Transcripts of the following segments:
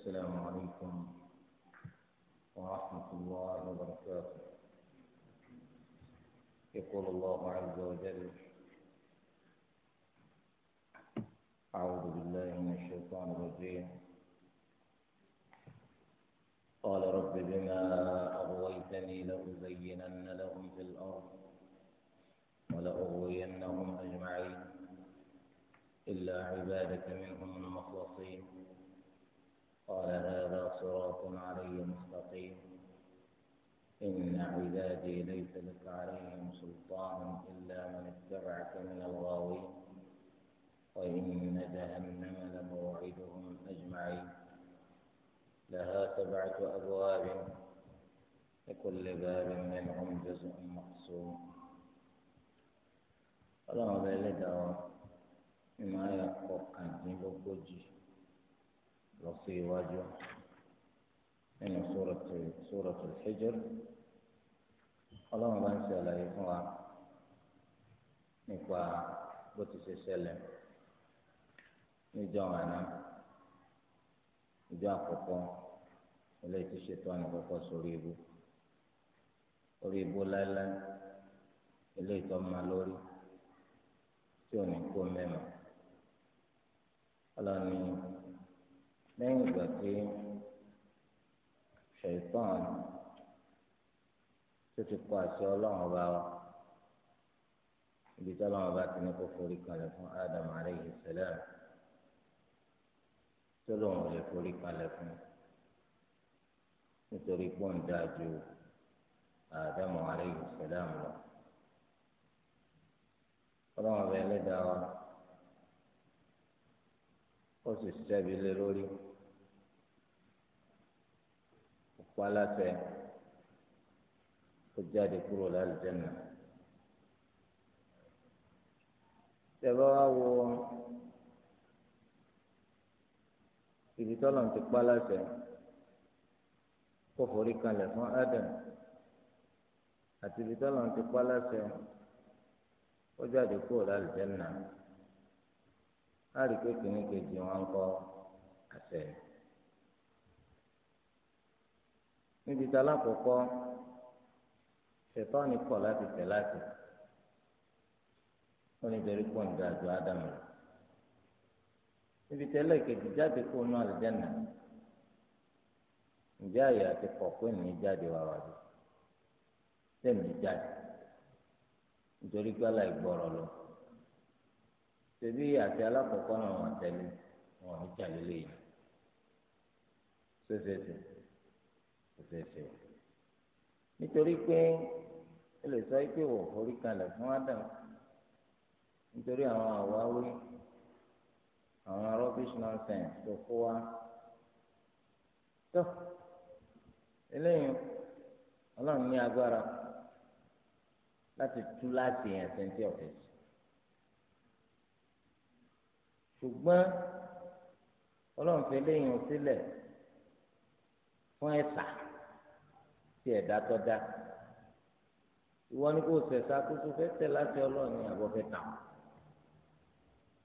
السلام عليكم ورحمة الله وبركاته يقول الله عز وجل أعوذ بالله من الشيطان الرجيم قال رب بما أغويتني لأزينن لهم في الأرض ولأغوينهم أجمعين إلا عبادك منهم المخلصين قال هذا صراط علي مستقيم إن عبادي ليس لك عليهم سلطان إلا من اتبعك من الغاوين وإن جهنم لموعدهم أجمعين لها سبعة أبواب لكل باب منهم جزء مقسوم اللهم بلدها ما يقوى عن ذنوب lọ sí iwájú nínú suratul Hijr ọlọ́run bá ń ṣe fún wa nípa bó ti ṣe ṣẹlẹ̀ níjọ́ àná ìjọ àkọ́kọ́ eléyìí ti ṣètò àná kọ́kọ́ sórí ibú orí ibú láéláé eléyìí tó máa lórí tí ò ní kó mẹ́mọ́ ọlọ́run ní. lẹ́yìn ìgbà tí ṣètàn tó ti kọ àṣẹ ọlọ́run ọba wa ibi tí ọlọ́run ọba ti ní kó forí kalẹ̀ fún Adam aleyhi salam tó lóun ò lè forí kalẹ̀ fún nítorí gbọ̀ǹda ju Adam aleyhi salam lọ ọlọ́run ọba ẹlẹ́dàá wa ó sì ṣẹ́bi lé lórí. pa láṣẹ kó jáde kúrò lálùjẹ́nà. tẹ̀bá wá wo ibi tọ́lọ̀ ti pa láṣẹ kó forí kalẹ̀ fún Adam àti ibi tọ́lọ̀ ti pa láṣẹ kó jáde kúrò lálùjẹ́nà. a rí pé wọn kọ́ àṣẹ níbi tí alákọ̀ọ́kọ́ ṣètọ́ni kọ̀ láti tẹ̀ láti ó ní torí pọ̀ ní àjọ ádámù rẹ̀ níbi tí ẹlẹ́ẹ̀kejì jáde kó nú àlùjáná ǹjẹ́ àyè àti kọ̀ pé mi jáde wà wà lọ tẹ̀mí jáde nítorí pé aláìgbọ́rọ̀ lọ tẹ̀bí àti alákọ̀ọ́kọ́ náà wọ́n tẹ̀lé wọn ò ní tẹ̀lé lẹ́yìn ṣéṣeṣe kò ṣeé ṣe o nítorí pé ẹ lè sọ pé wò forí kalẹ̀ fún Ádámù nítorí àwọn àwáwí àwọn rubbish nonsense tó kó wa tó eléyìí ọlọ́run ní agbára láti tú láti yẹn sẹ́ńtì ọ̀fẹ́sì ṣùgbọ́n ọlọ́run fi eléyìí sílẹ̀ fún ẹ̀sà. E ti ẹ̀dá tó ni kò sẹ̀sá kó tó fẹ́ tẹ̀ láti ọlọ́ọ̀ni àbọ̀ fẹ́ tà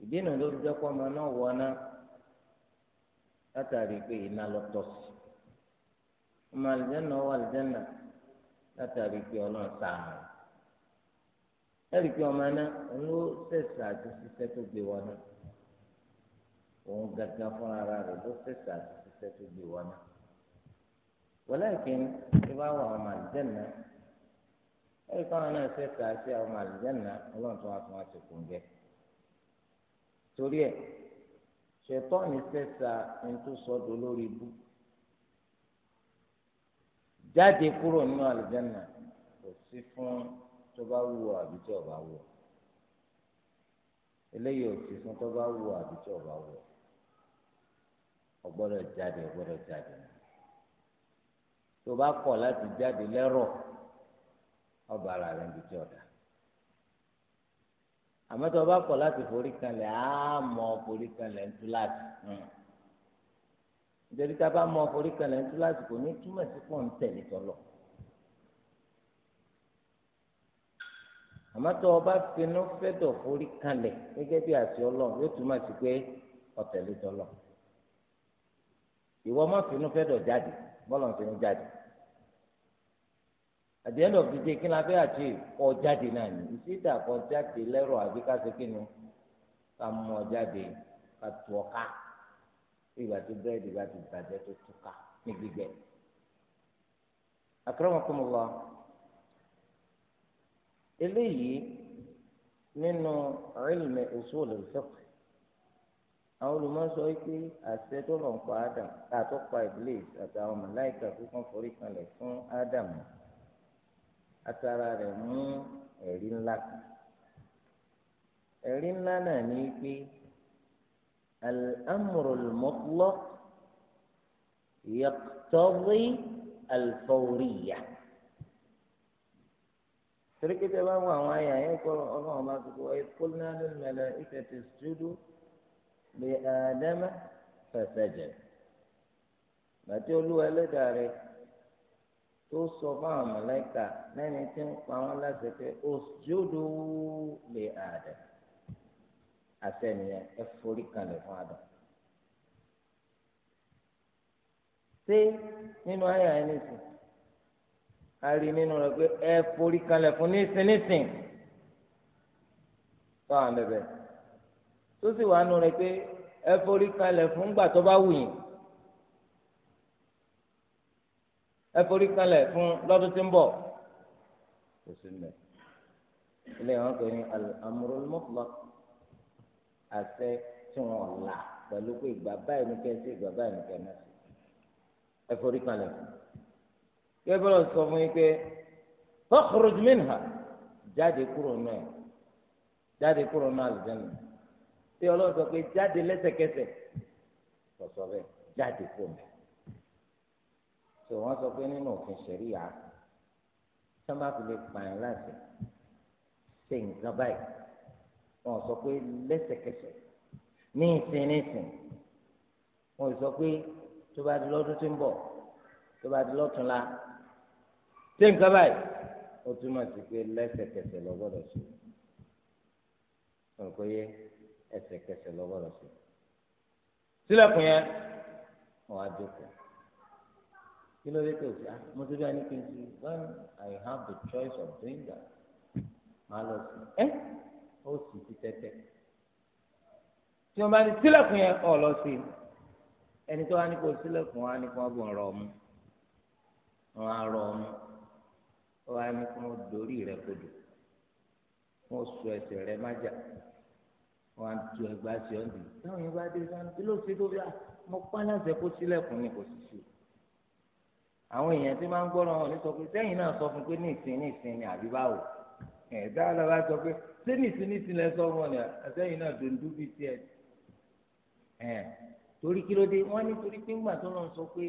ìdí jẹ́ kó ọmọ náà wọ ná látàrí pé iná lọ tọ́ sí ọmọ àlìjẹ́nà wọ àlìjẹ́nà látàrí pé ọlọ́run sàánù ẹ̀rí ọmọ náà òun ló àti ṣiṣẹ́ tó gbé wọn wọn ولكن إباوة مع الجنة أي قانا سيكا أشياء مع الجنة الله سبحانه وتعالى تكون به تولي شيطان سيسا انتو صدو لوري jáde kúrò nínú àlùjáná kò sí fún tó bá wù ọ àbí tí ọba wù ọ fún tó àbí tí wù ọ tó bá kọ̀ láti jáde lẹ́rọ̀ ọba ara rẹ̀ ń di tí ọ̀dà àmọ́ tó bá kọ̀ láti forí kanlẹ̀ á mọ forí kanlẹ̀ ń tú láti hmm. nítorí tá a bá mọ forí kanlẹ̀ ń tú láti kò ní túmọ̀ sí pọ̀ ń tẹ̀lé tọ́lọ̀ àmọ́ tó o bá finú fẹ́dọ̀ forí kanlẹ̀ gẹ́gẹ́ bí àṣẹ ọlọ́run yóò túmọ̀ sí pé ọ̀tẹ̀lé tọ́lọ̀ ìwọ má finú fẹ́dọ̀ jáde bọ́lọ̀ ń finú jáde at the end of the day kí ni abẹ́ àti ọ̀jáde náà ni ìsídà kọjáde lẹ́rọ̀ àbí káṣe kí ni ká mú ọjáde ká tu ọ̀ká ìgbà tí búrẹ́dì bá ti bàjẹ́ tó túká ní gbígbẹ. akramakumullah eléyìí nínú ilmi usul al àwọn olùmọ̀sọ wípé àṣẹ tó lọ́n pa Adam àtọ́pa iblis àtàwọn màláìkà kúkan forí kanlẹ̀ fún Adam. atara rẹ̀ mú ẹ̀rí ńlá kan ẹ̀rí ńlá náà ní pé al-amru al-mutlaq yaqtadi torí pé tẹ bá wọ àwọn àyà yẹn kọ ọlọ́run bá tó kọ ẹ kó náà ló ń lọ ìfẹ́ ti sùdú lè àdámà fẹsẹ̀ jẹ bàtí olúwa ẹlẹ́dàá rẹ̀. tó sọ fáwọn mọ̀lẹ́kà lẹ́ni tí ń pa wọ́n láti pé osjudu li Adam àtẹnìyẹn ẹ forí kalẹ̀ fún Adam. ṣé nínú ayé àyè nìsín a rí nínú rẹ pé ẹ forí kalẹ̀ fún nísìn nísìn fáwọn bẹ̀bẹ̀ tó sì wà nù rẹ pé ẹ forí kalẹ̀ fún gbà bá wù yín. ẹ forí kalẹ̀ fún lọ́dún tí ń bọ̀ kò sí mẹ́ ilé wọn kò ní al-amrul mutlaq àṣẹ tí wọn là pẹ̀lú pé ìgbà báyìí ní kẹ́sì ìgbà báyìí ní kẹ́mẹ́sì ẹ forí kalẹ̀ fún yẹ bọ́lá sọ fún yín pé fakhruj minha jáde kúrò náà jáde kúrò náà àlùjánnà tí ọlọ́run pé jáde lẹ́sẹ̀kẹsẹ̀ sọ̀sọ̀ bẹ́ẹ̀ jáde kúrò náà tó wọ́n sọ pé nínú òfin ṣẹ̀ríyà tí wọ́n bá fi lè pààyàn láti ṣe nǹkan báyìí wọ́n sọ pé lẹ́sẹ̀kẹsẹ̀ ní ìsìn ní ìsìn wọ́n sọ pé tó bá di lọ́dún tí ń bọ̀ tó bá di lọ́túnla ṣe nǹkan báyìí ó túmọ̀ sí pé lẹ́sẹ̀kẹsẹ̀ lọ gbọ́dọ̀ sí wọn kò yẹ ẹsẹ̀kẹsẹ̀ lọ gbọ́dọ̀ sí sílẹ̀kùn yẹn wọ́n á dúkùn kí ló dé tó sí ah mo ti bí ẹni kí n ti when I have the choice of doing that màá lọ sí ẹ ó sì ti tẹ́tẹ́ tí wọ́n bá ní sílẹ̀kùn yẹn ọ̀ lọ sí ẹni tó wá ní kó sílẹ̀kùn wá ní kó wọ́n bọ̀ ń rọ ọmú wọ́n á rọ ọmú ó wá ní kó wọ́n dorí rẹ̀ kodò wọ́n sọ ẹsẹ̀ rẹ̀ májà wọ́n á tu ẹgbàá sí ọ́ndì táwọn yẹn bá dé sáà kí ló ṣe tó bí a ah, mọ pálá ẹsẹ̀ kó sílẹ̀kùn ni kò sì sí i àwọn èèyàn tí máa ń gbọ́rọ̀ wọn ní sọ pé sẹ́yìn náà sọ fún pé ní ìsìn ní ìsìn ni àbí báwo ẹ̀dá lọ́ba sọ pé ṣé ní ìsìn ní ìsìn lẹ sọ wọn ni sẹ́yìn náà dòńdú bíi tiẹ̀ ẹ̀ torí kí ló dé wọ́n ní torí pé ńgbà tó lọ́n sọ pé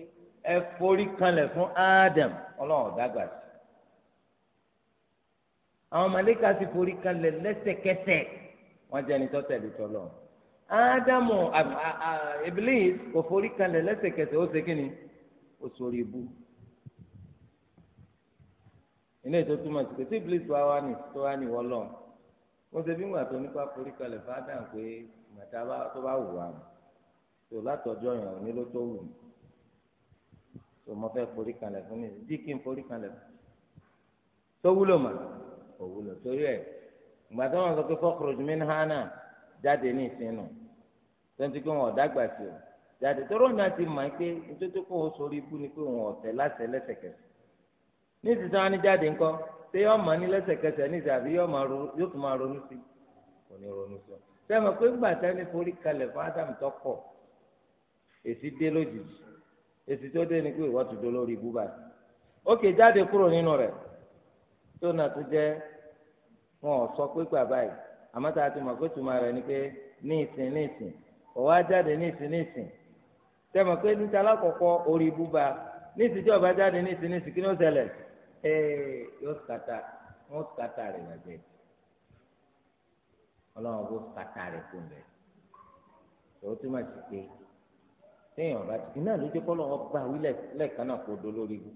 ẹ forí kanlẹ̀ fún Adam ọlọ́run ọ̀dàgbà sí àwọn màlẹ́kà sì forí kanlẹ̀ lẹ́sẹ̀kẹsẹ̀ wọ́n jẹ́ ẹni tó tẹ̀lé tọ́lọ́run Ádámù Iblis kò forí kalẹ̀ lẹ́sẹ̀kẹsẹ̀ ó ṣe ni ó sori ibu ilé tó túmọ̀ sí pé tí iblis wa wá ní tó wá ní wọlọ́ mo ṣe bí ń gbà tó nípa forí kalẹ̀ fádàn pé màtá tó bá wù wá tó látọjọ́ yẹn ò ní ló tó wù mí tó mo fẹ́ forí kalẹ̀ fún mi dí kí n forí kalẹ̀ fún tó wúlò mà kò wúlò torí ẹ̀ ìgbà wọn sọ pé fọkùrùjù mi ní hánà jáde ní ìsinú tó ń ti pé ò jáde tó rọ̀ àti mọ̀ pé nítorí kó o sọ orí ibú ni pé wọn ò tẹ̀ lẹ́sẹ̀kẹsẹ̀. ní ìsinsìn wọn ní jáde ńkọ́ ṣé yóò mọ̀ ní lẹ́sẹ̀kẹsẹ̀ ní ìsàbí yóò tún máa ronú sí kò ní ronú sí sẹ́mi pé ńgbà sẹ́ni forí kalẹ̀ fún ádámù tó pọ̀ èsì dé lójijì èsì tó dé ni pé ìwọ́ ti dolórí ibú báyìí ókè jáde kúrò nínú rẹ̀ tó nà tó wọn ò sọ pé bàbá yìí tá a ti ọba jáde ní ìsìn ní ìsìn ee yóò kàtà wọn kàtà rẹ gbàgbé Ọlọ́run kò kàtà rẹ kó lẹ tòun tó má ti pé téèyàn bá ti iná ló jẹ kọlọ wọn gbà wí lẹ́ẹ̀kan náà kó do lórí ibú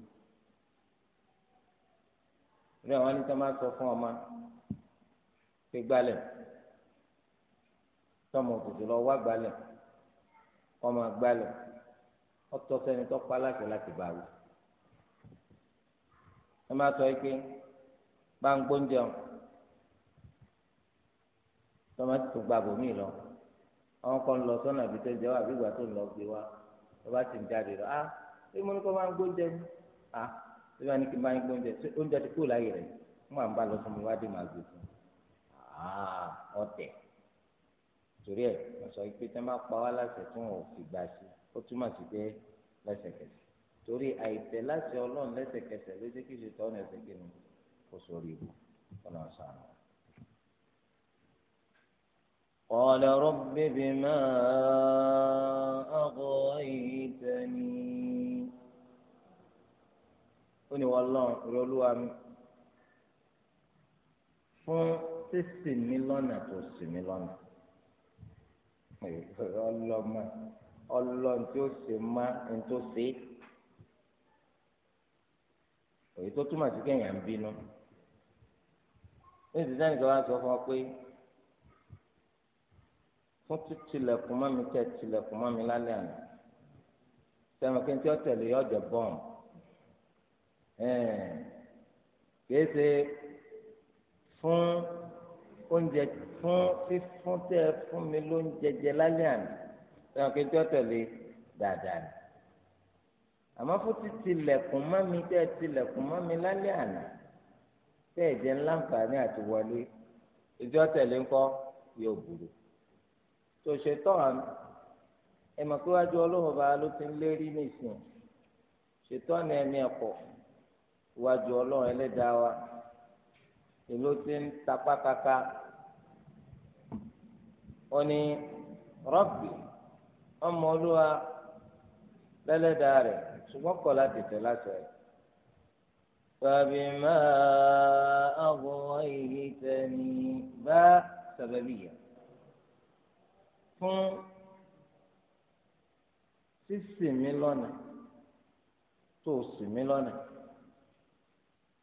rí àwọn anìtàn máa sọ fún ọmọ pé gbálẹ̀ tọmọ òtútù lọ wá gbálẹ̀ ọmọ gbálẹ̀ ọtọ sẹni tó pa láti bá wí ẹ máa sọ pé bá ń gbóúnjẹ tọmọtì tó gba bòmí lọ àwọn kan lọ sọnà àbí tó ń jẹ wá àbí ìgbà tó ń lọ gbé wá lọba ti ń jáde lọ ah ṣé mo ní kó máa ń gbóúnjẹ mi ah ṣé wàá ní kí n máa ń gbóúnjẹ ṣé oúnjẹ ti kúrò láyè rẹ ń máa ń bá lọ sọ mi wá màá gbé fún ah ọtẹ torí ẹ sọ pé tẹ máa pa wá láṣẹ tí wọn ò fi gbà sí ó túmọ̀ sí pé lẹ́sẹ̀kẹsẹ̀ torí àìtẹ́ láti ọlọ́run lẹ́sẹ̀kẹsẹ̀ ló jẹ́ kí ṣètò ọ̀nà ẹ̀sẹ̀ kí ni kò sórí ibù ọ̀nà ṣàánú. قال رب بما أغويتني ó ní wọn lọ ìrọlúwa mi fún sísìn mi lọ́nà tó sì mí lọ́nà ọlọ́mọ ọlọ́run tí ó sì má ẹni tó ṣe é èyí tó túmọ̀ sí kéèyàn ń bínú ní ìdílé nìkan wá sọ fún ọ pé fún títílẹ̀kùn mọ́ mi tẹ̀ tílẹ̀kùn mọ́ mi lálẹ́ àná sẹ́wọ̀n kí n tí ó tẹ̀lé ọ̀jọ̀ bọ́ọ̀n kìí ṣe fún oúnjẹ fún fífún tẹ fún mi lóúnjẹ jẹ lálẹ́ àná sẹ́wọ̀n kí n tí ó tẹ̀lé dáadáa ni àmọ́ fún ti tilẹ̀kùn mọ́ mi tẹ́ tilẹ̀kùn mọ́ mi lálẹ́ àná tẹ́ ẹ̀ jẹ́ ńláǹfààní àti wọlé ìjọ tẹ̀lé ńkọ́ yóò burú tó ṣe tọ́ àmì ẹ mọ̀ pé wájú ọlọ́run bá ló ti ń lérí nìsín ṣètọ́ ni ẹ̀mí ẹ̀kọ́ wájú ọlọ́run ẹlẹ́dàá wa èló ti ń tapá kaka ó ní rọ́bì ọmọ olúwa lẹ́lẹ́dàá rẹ̀ ṣùgbọ́n kọ̀ láti tẹ̀ láti rẹ̀. فبما أغويتني با سببية fún sísì mí lọ́nà tó ṣì mí lọ́nà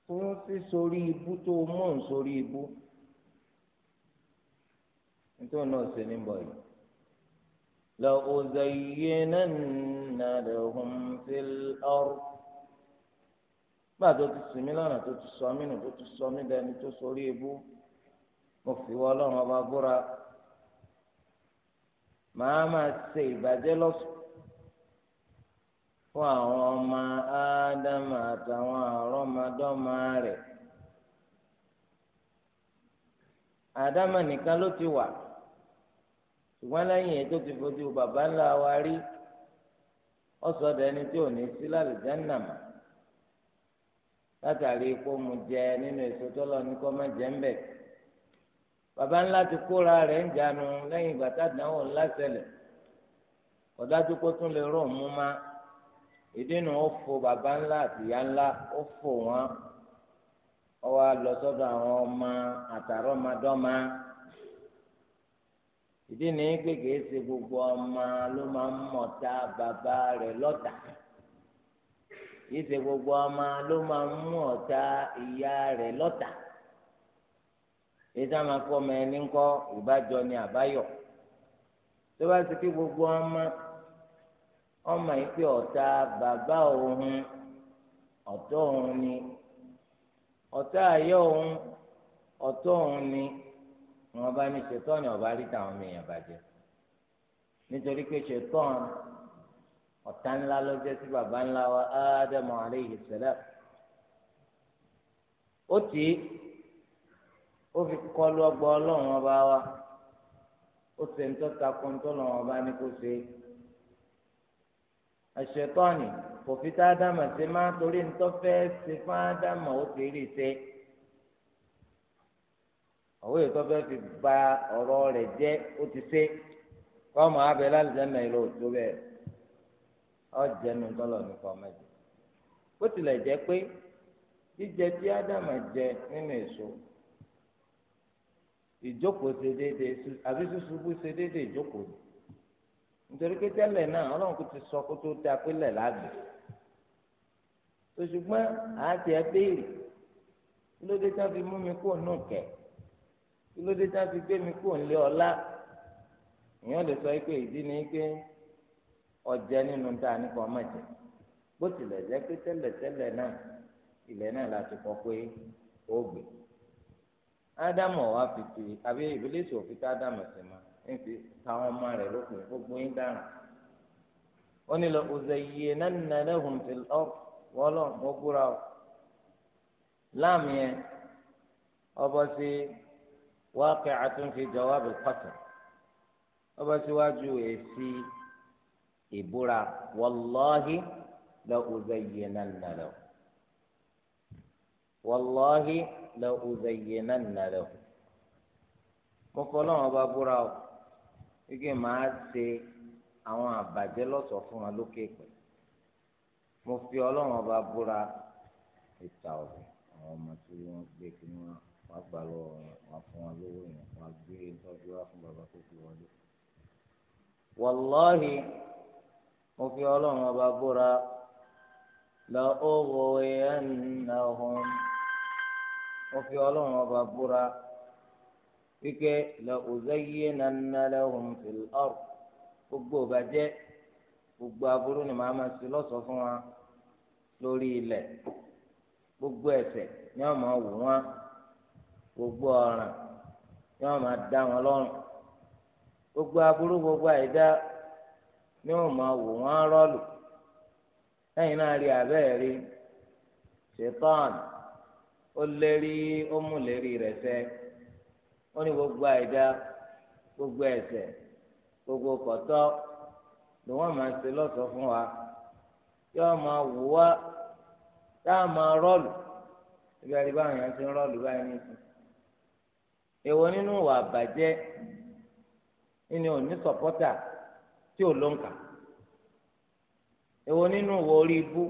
fún sísorí ibú tó mú ń sorí ibú nítorí náà ṣe ní bọ̀ yìí. لأزينن لهم في الأرض gbàdó ti sìn mí lọ́nà tó ti sọ mí nù tó ti sọ mí dání tó sórí ebú mo fi wọ́ ọlọ́run ọba búra màá máa ṣe ìbàjẹ́ lọ́sùn fún àwọn ọmọ ádámà àtàwọn àrọ́mọdọ́mọ rẹ̀ ádámà nìkan ló ti wà ṣùgbọ́n lẹ́yìn ètò ti fojú bàbá ńlá wa rí ọ̀sọ̀dọ̀ ẹni tí ò ní sí lálùjáná mà látàrí kó mu jẹ nínú èso tọ́lọ̀ ní kọ́ má jẹ́ ń bẹ̀. bàbá ńlá ti kóra rẹ̀ ń jánu lẹ́yìn ìgbà tádàáwò ńlá ṣẹlẹ̀ ọ̀dájú kó tún lè rò mú má ìdínà ó fo bàbá ńlá àti ìyá ńlá ó fò wọ́n ọwọ́ lọ àwọn ọmọ àtàrọ́mọdọ́mọ. ìdí ni pé kìí ṣe gbogbo ọmọ ló máa ń mọ̀ta bàbá rẹ̀ lọ́tà kìí ṣe gbogbo ọmọ ló máa ń mú ọ̀tá ìyá rẹ̀ lọ́tà ìdá máa kọ́ ọmọ ẹni ńkọ́ ìbájọ ni àbáyọ tó bá ti kí gbogbo ọmọ ọmọ yìí pé ọ̀tá bàbá òun ọ̀tọ̀ òun ni ọ̀tá àyọ̀ òun ọ̀tọ̀ òun ni. ni wọn bá ní ṣetán ni ọba rí táwọn ọmọ èèyàn bàjẹ́ nítorí pé ṣetán ọ̀tá ńlá ló jẹ́ sí baba ńlá wa ádámù alayhi salam ó tì í ó fi kọlu ọgbà ọlọ́run ọba wa ó ṣe ń tọ́ta kó ń tọ́lọ̀ ọba ní kó ṣe àṣetán ni kò fi tá ádámù sí máa torí ń tọ́ fẹ́ ṣe fún ádámù ó ti rí ṣe àwọn èyí tó fẹ́ fi ba ọ̀rọ̀ rẹ̀ jẹ́ ó ti ṣe kọ́mọ abẹ lálùjẹ́nà ìlú òtó bẹ́ẹ̀ ọ̀jẹ̀nu tọ́lọ̀ nípa ọmọdé bó tilẹ̀ jẹ́ pé jíjẹ tí ádámà jẹ nínú èso ìjókòó ṣe déédéé àbí ṣùṣubú ṣe déédéé ìjókòó nítorí pé tẹ́lẹ̀ náà ọlọ́run kò ti sọ kó tó ta pélẹ̀ láàgbè ṣùgbọ́n àti ẹ béèrè dé tí fi mú mi kó nù kẹ́ẹ̀ kí ló dé tá a fi gbé mi kúrò nílé ọlá èèyàn lè sọ pé ìdí ni pé ọjẹ nínú tá a nípa ọmọ jẹ bó tilẹ̀ jẹ́ pé tẹ́lẹ̀tẹ́lẹ̀ náà ilẹ̀ náà láti kọ́ pé ó gbé ádámù wa fi fi àbí ìbílẹ̀sì òfin tá ádámù sí ma ń fi táwọn ọmọ rẹ̀ lókun gbogbo yín dáràn ó ní lọ òzèyè nánà lẹ́hùn fi ọ́ wọ́lọ́ mo búra ọ́ láàmì yẹn ọbọ̀ sí. واقعة في جواب القسم ọba síwájú èsì ìbúra wàláhi la uzayyinanna lahu wàláhi la uzayyinanna lahu mo fọlọ́ wọn bá búra o wíkẹ́ máa ṣe àwọn àbàjẹ́ lọ́sọ̀ọ́ fún wa lókè pẹ̀ mo fi ọlọ́wọ́n bá búra ìta ọ̀rẹ́ àwọn ọmọ tí wọ́n gbé kí wọ́n wá gbà lọ́wọ́ wọn á fún wọn lówó yẹn wọn á gbé tọ́jú wá fún bàbá tó fi wọlé. wàláhì mo fi ọlọ́run ọba búra la owó ẹ̀ẹ́nà ọ̀hún mo fi ọlọ́run ọba búra wípé la òzẹ́yé nana lẹ́hùn fìlì ọ̀rọ̀ gbogbo ìbàjẹ́ gbogbo aburú ni màá máa ṣe lọ́sọ̀ọ́ fún wa lórí ilẹ̀ gbogbo ẹ̀ṣẹ̀ ni wọ́n máa wò wọ́n. gbogbo ọ̀ràn ni wọ́n máa dá wọn lọ́rùn gbogbo aburú gbogbo àìdá ni máa wò wọ́n rọ́ọ̀lù lẹ́yìn náà rí abẹ́ẹ̀ rí ṣetán ó lérí ó mú lérí rẹ̀ ó ní gbogbo àìdá gbogbo ẹ̀ṣẹ̀ gbogbo kọ̀tọ́ ni wọ́n máa ṣe lọ́sọ̀ọ́ fún wa yóò máa wò wá máa yẹn ti ń báyìí nìyí. èwo nínú ìwà àbàjẹ́ ni òní sọ̀pọ́tà tí ò ló ń kà èwo nínú ìwà orí ibú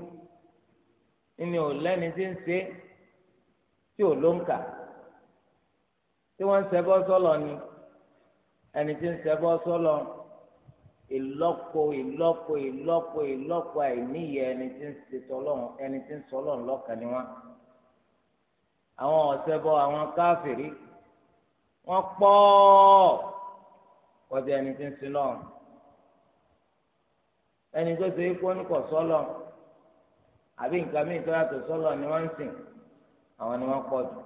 ni ò lẹ́ni tí ń ṣe tí ò ló ń kà tí wọ́n ń ṣẹbọ sọ́lọ ni ẹni tí ń ṣẹbọ sọ́lọ ìlọ́po ìlọ́po ìlọ́po ìlọ́po àìníyẹ ẹni tí ń ṣe tọ́lọ́run ẹni tí ń sọ́lọ́run lọ́kàn ni wọ́n àwọn ọ̀sẹ̀bọ àwọn káfìrí. wọ́n pọ̀ kọjá ẹni tí ń sin lọ́run ẹni tó ṣe kó ní kò àbí nǹkan mìíràn tó yàtọ̀ sọ́lọ̀ ni wọ́n ń sìn àwọn ni wọ́n pọ̀ jù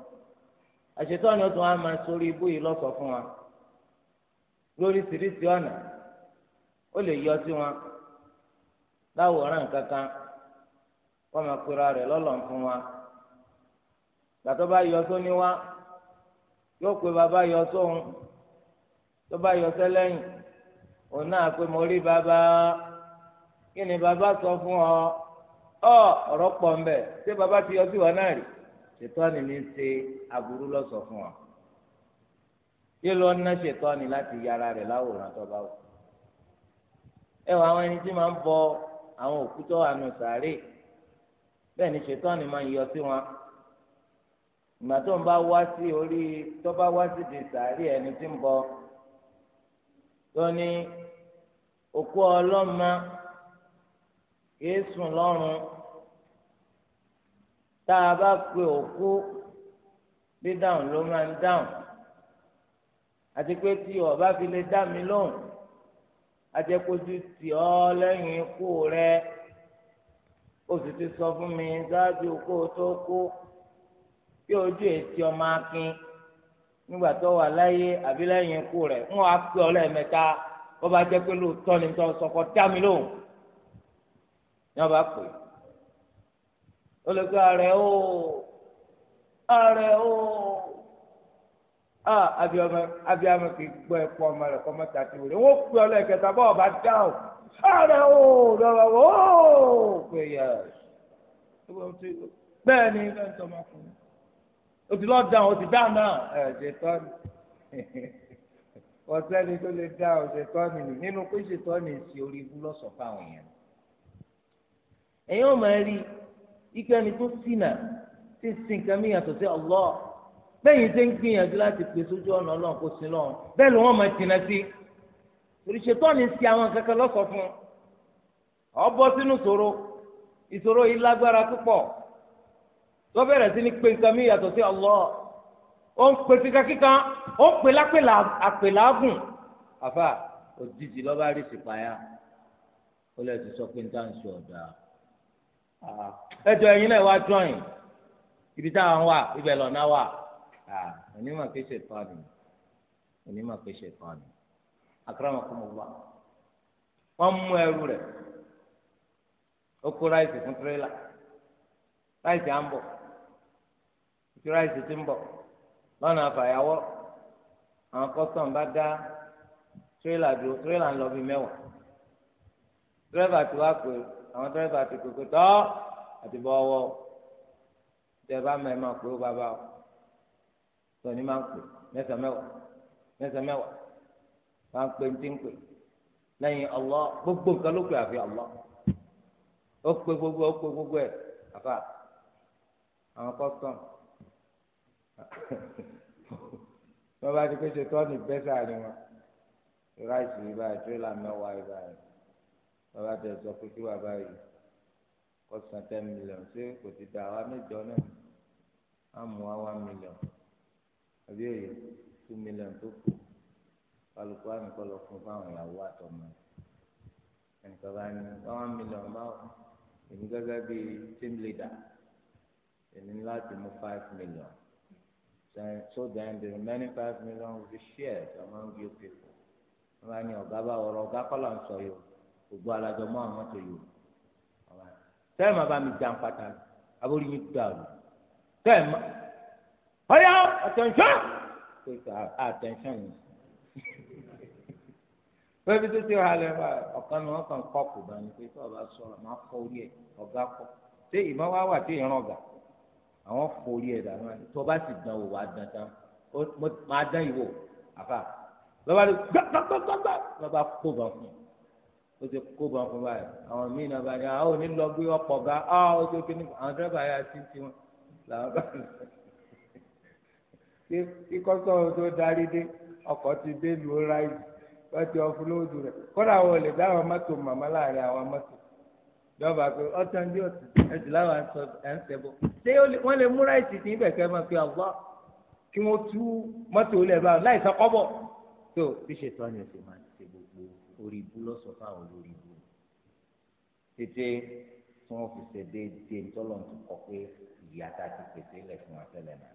àṣetọ́ ni ó tún wá máa sórí ibú yìí fún wa lóríṣiríṣi ọ̀nà ó lè yọ sí wọn láwòrán kankan wọ́n máa pera rẹ lọ́lọ́ fún wa gbàtọ́ bá yọ sóní yóò pe bàbá yọ sóhun tó bá yọ sẹ́lẹ́yìn òun náà pé mo rí bàbá kí ni bàbá sọ fún ọ ọ ọ̀rọ̀ pọ̀ ń bẹ ṣé bàbá ti yọ sí wọn náà rí ṣètọ́ni ní ṣe aburú lọ́sọ̀ fún ọ yóò lọ ná ṣètọ́ni láti yára rẹ̀ láwòrán tó bá wù ẹ wọ àwọn ẹni tí máa ń bọ àwọn òkú tó wà nù sàárè bẹ́ẹ̀ ni ṣètọ́ni máa ń yọ sí wọn ìgbà tó ń bá wá sí orí tó bá wá sí di sàárì ẹni tí ń bọ tó ní òkú ọlọ́mọ kìí sùn lọ́rùn tá a bá pe òkú dídáhùn ló máa ń dáhùn àti pé tí o bá fi lè dá mi lóhùn ajẹ́kójú tì ọ́ lẹ́yìn ikú rẹ o sì ti sọ fún mi ṣáájú kó o tó kú tí ojú ètí ọmọ akin nígbà tó wà láyé àbí lẹ́yìn ikú rẹ̀ ń wàá pé ọ lẹ́ẹ̀mẹ́ta bó bá jẹ́ pé lóòótọ́ ni tó sọkọ dá mi lóhùn ní ọba pè ó lè pé ààrẹ ó ààrẹ ó a ah, abiyamọ abiyamọ kì í gbọ́ ẹ̀kọ́ ọmọ rẹ̀ kọ́ mọ́ta ti wòlé wọ́n pè ọ lẹ́ẹ̀kẹta bó ọba dá o ààrẹ ó lọ́wọ́ ó pè yẹ bẹ́ẹ̀ tọmọkùnrin o ti lọ dáhùn o ti dáhùn náà ẹ ṣètọ́ni ọ̀sẹ́ni tó lè dáhùn ṣètọ́ni nù nínú pé ṣètọ́ni ṣe orí ibú lọ́sọ̀ọ́ fáwọn èèyàn. ẹ̀yin ò máa rí ike ẹni tó ṣìnà tí ń sin nǹkan mìíràn tó ṣe ọlọ́ bẹ́yìn ṣe ń gbìyànjú láti pè sójú ọ̀nà ọlọ́run kó sin lọ́run bẹ́ẹ̀ ló wọ́n máa jìnà sí ṣètọ́ni ṣe àwọn kankan lọ́sọ̀ọ́ fún ọ bọ́ sínú ìṣòro ìṣòro yìí lágbára púpọ̀ tó bẹ̀rẹ̀ sí ní pé nǹkan mi yàtọ̀ sí Allah ó ń pè kíkankíkan ó ń pè lápèlà àpèlàágùn àfà òjijì lọ́ba rí sípayá ó lẹ́ẹ̀ ti sọ pé níta ń sọ ọ̀dà ah, ẹjọ́ ẹ̀yin náà wá jọyìn ibi táwọn wà ibẹ̀ lọ́nà wà ah, onímọ̀ pé ṣe tọ́ni onímọ̀ pé ṣe tọ́ni akramakumullah wọ́n mú ẹrú rẹ̀ ó kó ráìsì fún tírélà ráìsì à ń bọ̀ tí ráìsì ti ń bọ̀ lọ́nà àfàyàwọ́ àwọn kọ́sọ̀m bá dá tírélà dúró tírélà ń lọ bíi mẹ́wàá dírẹ́bà ti wá pé àwọn dírẹ́bà ti pèpè tọ́ àti bọ́ ọwọ́ ìjọba mẹ́rin máa pé ó bàbá o tọ́ni máa ń pè mẹ́sàn-án mẹ́wàá mẹ́sàn mẹ́wàá máa ń pè ti ń pè lẹ́yìn Allah gbogbo nǹkan ló pè àfi Allah ó pè gbogbo ó pè gbogbo ẹ̀ àfà àwọn kọ́sọ̀mù wọ́n bá ti pé ṣe tọ́ni bẹ́sà ni wọn ráìsì yìí báyìí tírélà mẹ́wàá yìí báyìí wọ́n bá tẹ̀ sọ pé kí bàbá yìí kọ́ san ten million ṣé kò ti da àwa mẹ́jọ náà á mú wa one million àbí òye two million tó kù kálukú wa nìkan lọ fún fáwọn ìyàwó àtọmọ ẹnìkan bá ní one million báwọn èmi gẹ́gẹ́ bíi team leader èmi ní láti mú five million so then the remaining five million will be shared among you people wọ́n á ní ọ̀gá bá ọ̀rọ̀ ọ̀gá kọ́lá ń sọ yìí gbogbo alájọ mọ́ àwọn tó yìí sẹ́yìn máa bá mi jà ń pata aborí yín dàrú sẹ́yìn máa ọ̀yá attention pé attention yìí bẹ́ẹ̀ bí tó ti wà lẹ́ bá ọ̀kan ni wọ́n kàn kọ́ kù bá ní pé tó o bá sọ̀rọ̀ máa kọ́ orí ẹ̀ ọ̀gá kọ́ ṣé ìmọ̀ wá wà tí ìran ọ̀gá àwọn forí ẹ̀ dànù àti tó bá sì dán wò wá dán tán máa dán ìwò àfà bàbá rẹ gbàgbàgbàgbà bàbá kó bá fún un ó ti kó bá fún báyìí àwọn míì náà bá ní àwọn òní lọ gbé ọ̀pọ̀ ga ọ ó ti kí ni àwọn dẹ́rẹ́bà yà sí ti wọn làwọn bá rẹ tí kọ́sọ́ọ̀ tó darí dé ọkọ̀ ti dé lu ráìdì wọ́n ti ọ̀fun lóòdù rẹ̀ kọ́dà àwọn dáhùn mọ́tò màmá láàrin àwọn mọ́tò dọ́ba pé ọ̀tàn bí ọ̀tàn ẹ̀sì láwọn ẹ̀ ń sẹ́bọ̀ ṣé wọ́n lè múra ìsì tí ibẹ̀ kẹ́ máa fi àgbà kí wọ́n tú mọ́tò olè bá láì sọ́kọ́bọ̀ tó bí ṣètò ọ̀nà ẹ̀sìn máa ń ṣe gbogbo orí ibú lọ́sọ̀ fáwọn olórí ibú tètè tí wọ́n fi ṣe déédéé ńtọ́lọ́ ti kọ́ pé ìyá ta ti pèsè ilẹ̀ fún wa tẹ́lẹ̀ náà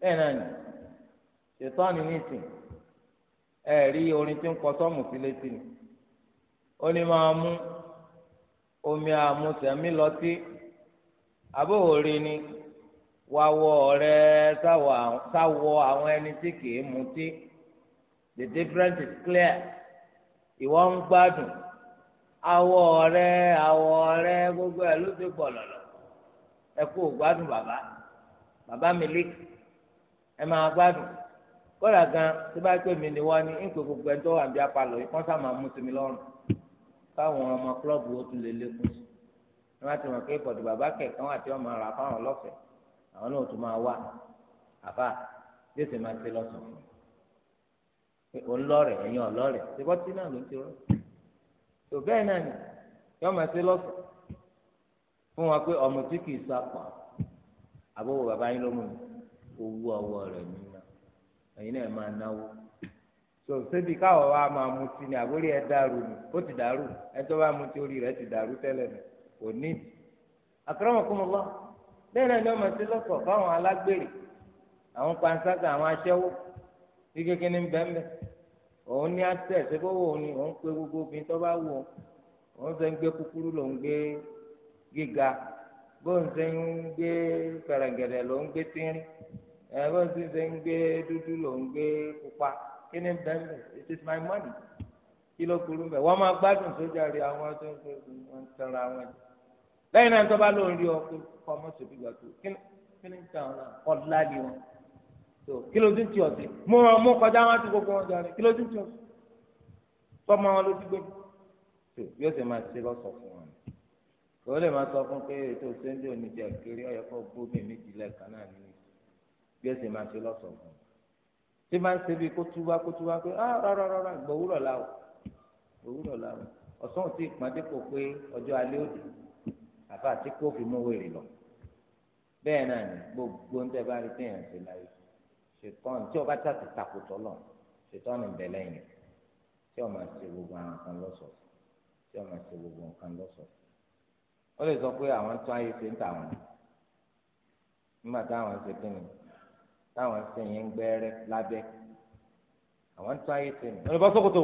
bẹ́ẹ̀ náà ni ṣètò ọ̀nà ìsìn ẹ̀rí orin tí ń kọ sọ́ọ̀mù sí ni ó ní máa mú omi àmúsẹ̀mí lọtí àbòòrí ni wàwọ ọ̀rẹ́ sáwọ àwọn ẹni tí kìí mutí the difference is clear ìwọ ń gbádùn àwọ ọ̀rẹ́ àwọ ọ̀rẹ́ gbogbo ẹ ló ti pọ̀ lọ́lọ́ ẹ kú gbádùn bàbá bàbá mi lé ẹ máa gbádùn kódà gan tí bá pè mí ni wọ́n ní ń pè gbogbo ẹni tó wà ní apalọ̀ yìí kọ́ńtà máa mú sí mi lọ́rùn káwọn ọmọ kílọ̀bù ó tún lè lékún sí wọn láti mọ̀ pé pọ̀jù bàbá kẹ̀kẹ́ wọn àti ọmọ ara fáwọn lọ́fẹ̀ẹ́ àwọn náà tún máa wá àbá yóò sì máa ṣe lọ́sàn fún un òun lọ́rẹ̀ ẹ̀yin ọ̀lọ́rẹ̀ ṣe bọ́tí náà ló ti rọ́ tó bẹ́ẹ̀ náà ni yóò máa ṣe lọ́sàn fún wa pé ọmọ tí kì í sapà àbúrò bàbá yín ló mú mi owó ọwọ́ rẹ̀ nínú ẹ̀yin náà máa náwó so ṣebí káwọ wa máa mutí ni àgbórí ẹ dàrú ni ó ti dàrú ẹjọ bá mutí orí rẹ ti dàrú tẹ́lẹ̀ ni kò ní. àkàràmọ̀kùnmọ̀lá bẹ́ẹ̀ náà ni wọ́n máa ti lọ́sọ̀ fáwọn alágbèrè àwọn panṣágà àwọn aṣẹ́wó bí kékeré ń bẹ́ẹ̀ mẹ́ òun ní àtẹ̀ ṣẹ́fọ́wọ́ òun ni òun pé gbogbo obìnrin tó bá wù ọ́ òun ṣe ń gbé kúkúrú lòún gbé gíga bóun ṣe ń gbé fẹ̀rẹ̀gẹ̀dẹ̀ lòún gbé tínrín bóun ṣe ń gbé dúdú lòún gbé pupa kí ni bẹ́ẹ̀ bẹ́ẹ̀ it is my money kí ló burú bẹ́ẹ̀ máa gbádùn sójà rí àwọn tó ń wọ́n tẹ̀ra àwọn ẹ̀ lẹ́yìn náà tó bá lóun rí ọ pé kọ́ ọmọ tó bí gbàgbó kí ta ọ̀la ọ̀la ni wọn tó kí ló dín ọ̀sẹ̀ mo ràn mú kọjá wọn ti gbogbo wọn jáde kí ló dín ọ̀sẹ̀ tọ́mọ wọn ló ti gbé tó yóò sì máa ṣe lọ́sọ̀ fún wọn kò lè máa sọ fún pé ètò sẹ́ńdì onídìí àkèrè ọ̀yọ́ kọ́ gbóbìn méjì náà ní bí ó sì máa ṣe lọ́sọ̀ fún wọn tí máa ń ṣe bíi kó túbá kó túbá pé ah rárá rárá gbọ́ òwúrọ̀ la o òwúrọ̀ la o ọ̀sán ò tí ì pàdé pò pé ọjọ́ alẹ́ òde àbá àti kó fi mú wèrè lọ bẹ́ẹ̀ náà ni gbogbo ń tẹ́ bá rí téèyàn ṣe láyé ṣètọ́n tí ọba tàbí takùtọ̀ lọ ṣètọ́n ní bẹ̀lẹ́ yẹn tí ọmọ ṣe gbogbo àwọn nǹkan lọ́sọ̀ọ́ tí ọmọ ṣe gbogbo nǹkan lọ́sọ̀ọ́ ó lè sọ pé àwọn tó ayé ṣe ń tà wọn nígbà táwọn ṣe kí ni táwọn ṣe yẹn ń gbẹ́rẹ́ lábẹ́ àwọn ń tún ayé ṣe nù. ọ̀nà bọ́sọ̀kòtò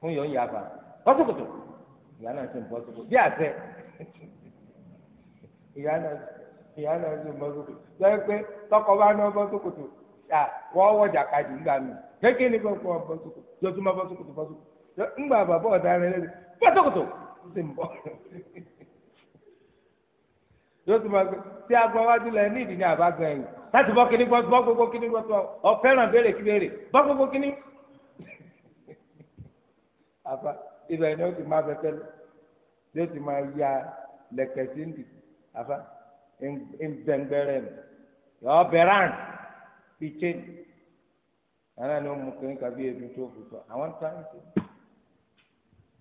fún yòó ń yà fà bọ́sọ̀kòtò ìyá náà ṣe ń bọ́sọ̀kòtò bí àṣẹ ìyá náà ìyá náà ṣe ń bọ́sọ̀kòtò lọ́wọ́ pé tọkọ bá ná bọ́sọ̀kòtò wọ́n wọ́ jàkadì ńgbà mi kékeré ní kókó bọ́sọ̀kòtò yóò tún bá bọ́sọ̀kòtò bọ́sọ̀kòtò ńgbà bàbá ọ̀daràn lẹ́nu bọ́sọ̀kòtò ṣe ń bọ́ yóò tún agbọ́n wájú lẹ ní ìdí ní àbá gan yìí láti bọ́ kíní bọ́ gbogbo kíní gbọ́ ọ̀fẹ́ràn béèrè kí béèrè bọ́ gbogbo kíní. àbá ibẹ̀ ni ó ti máa fẹ́fẹ́ lọ yóò ti máa ya lẹ̀kẹ̀ sí ndì àbá ńbẹ̀ngbẹ̀rẹ̀ nù yọ bẹ̀rẹ̀ àrùn bíi chain àwọn àni ọmọ kìíní kàbí ebi tó fi sọ àwọn táyì tó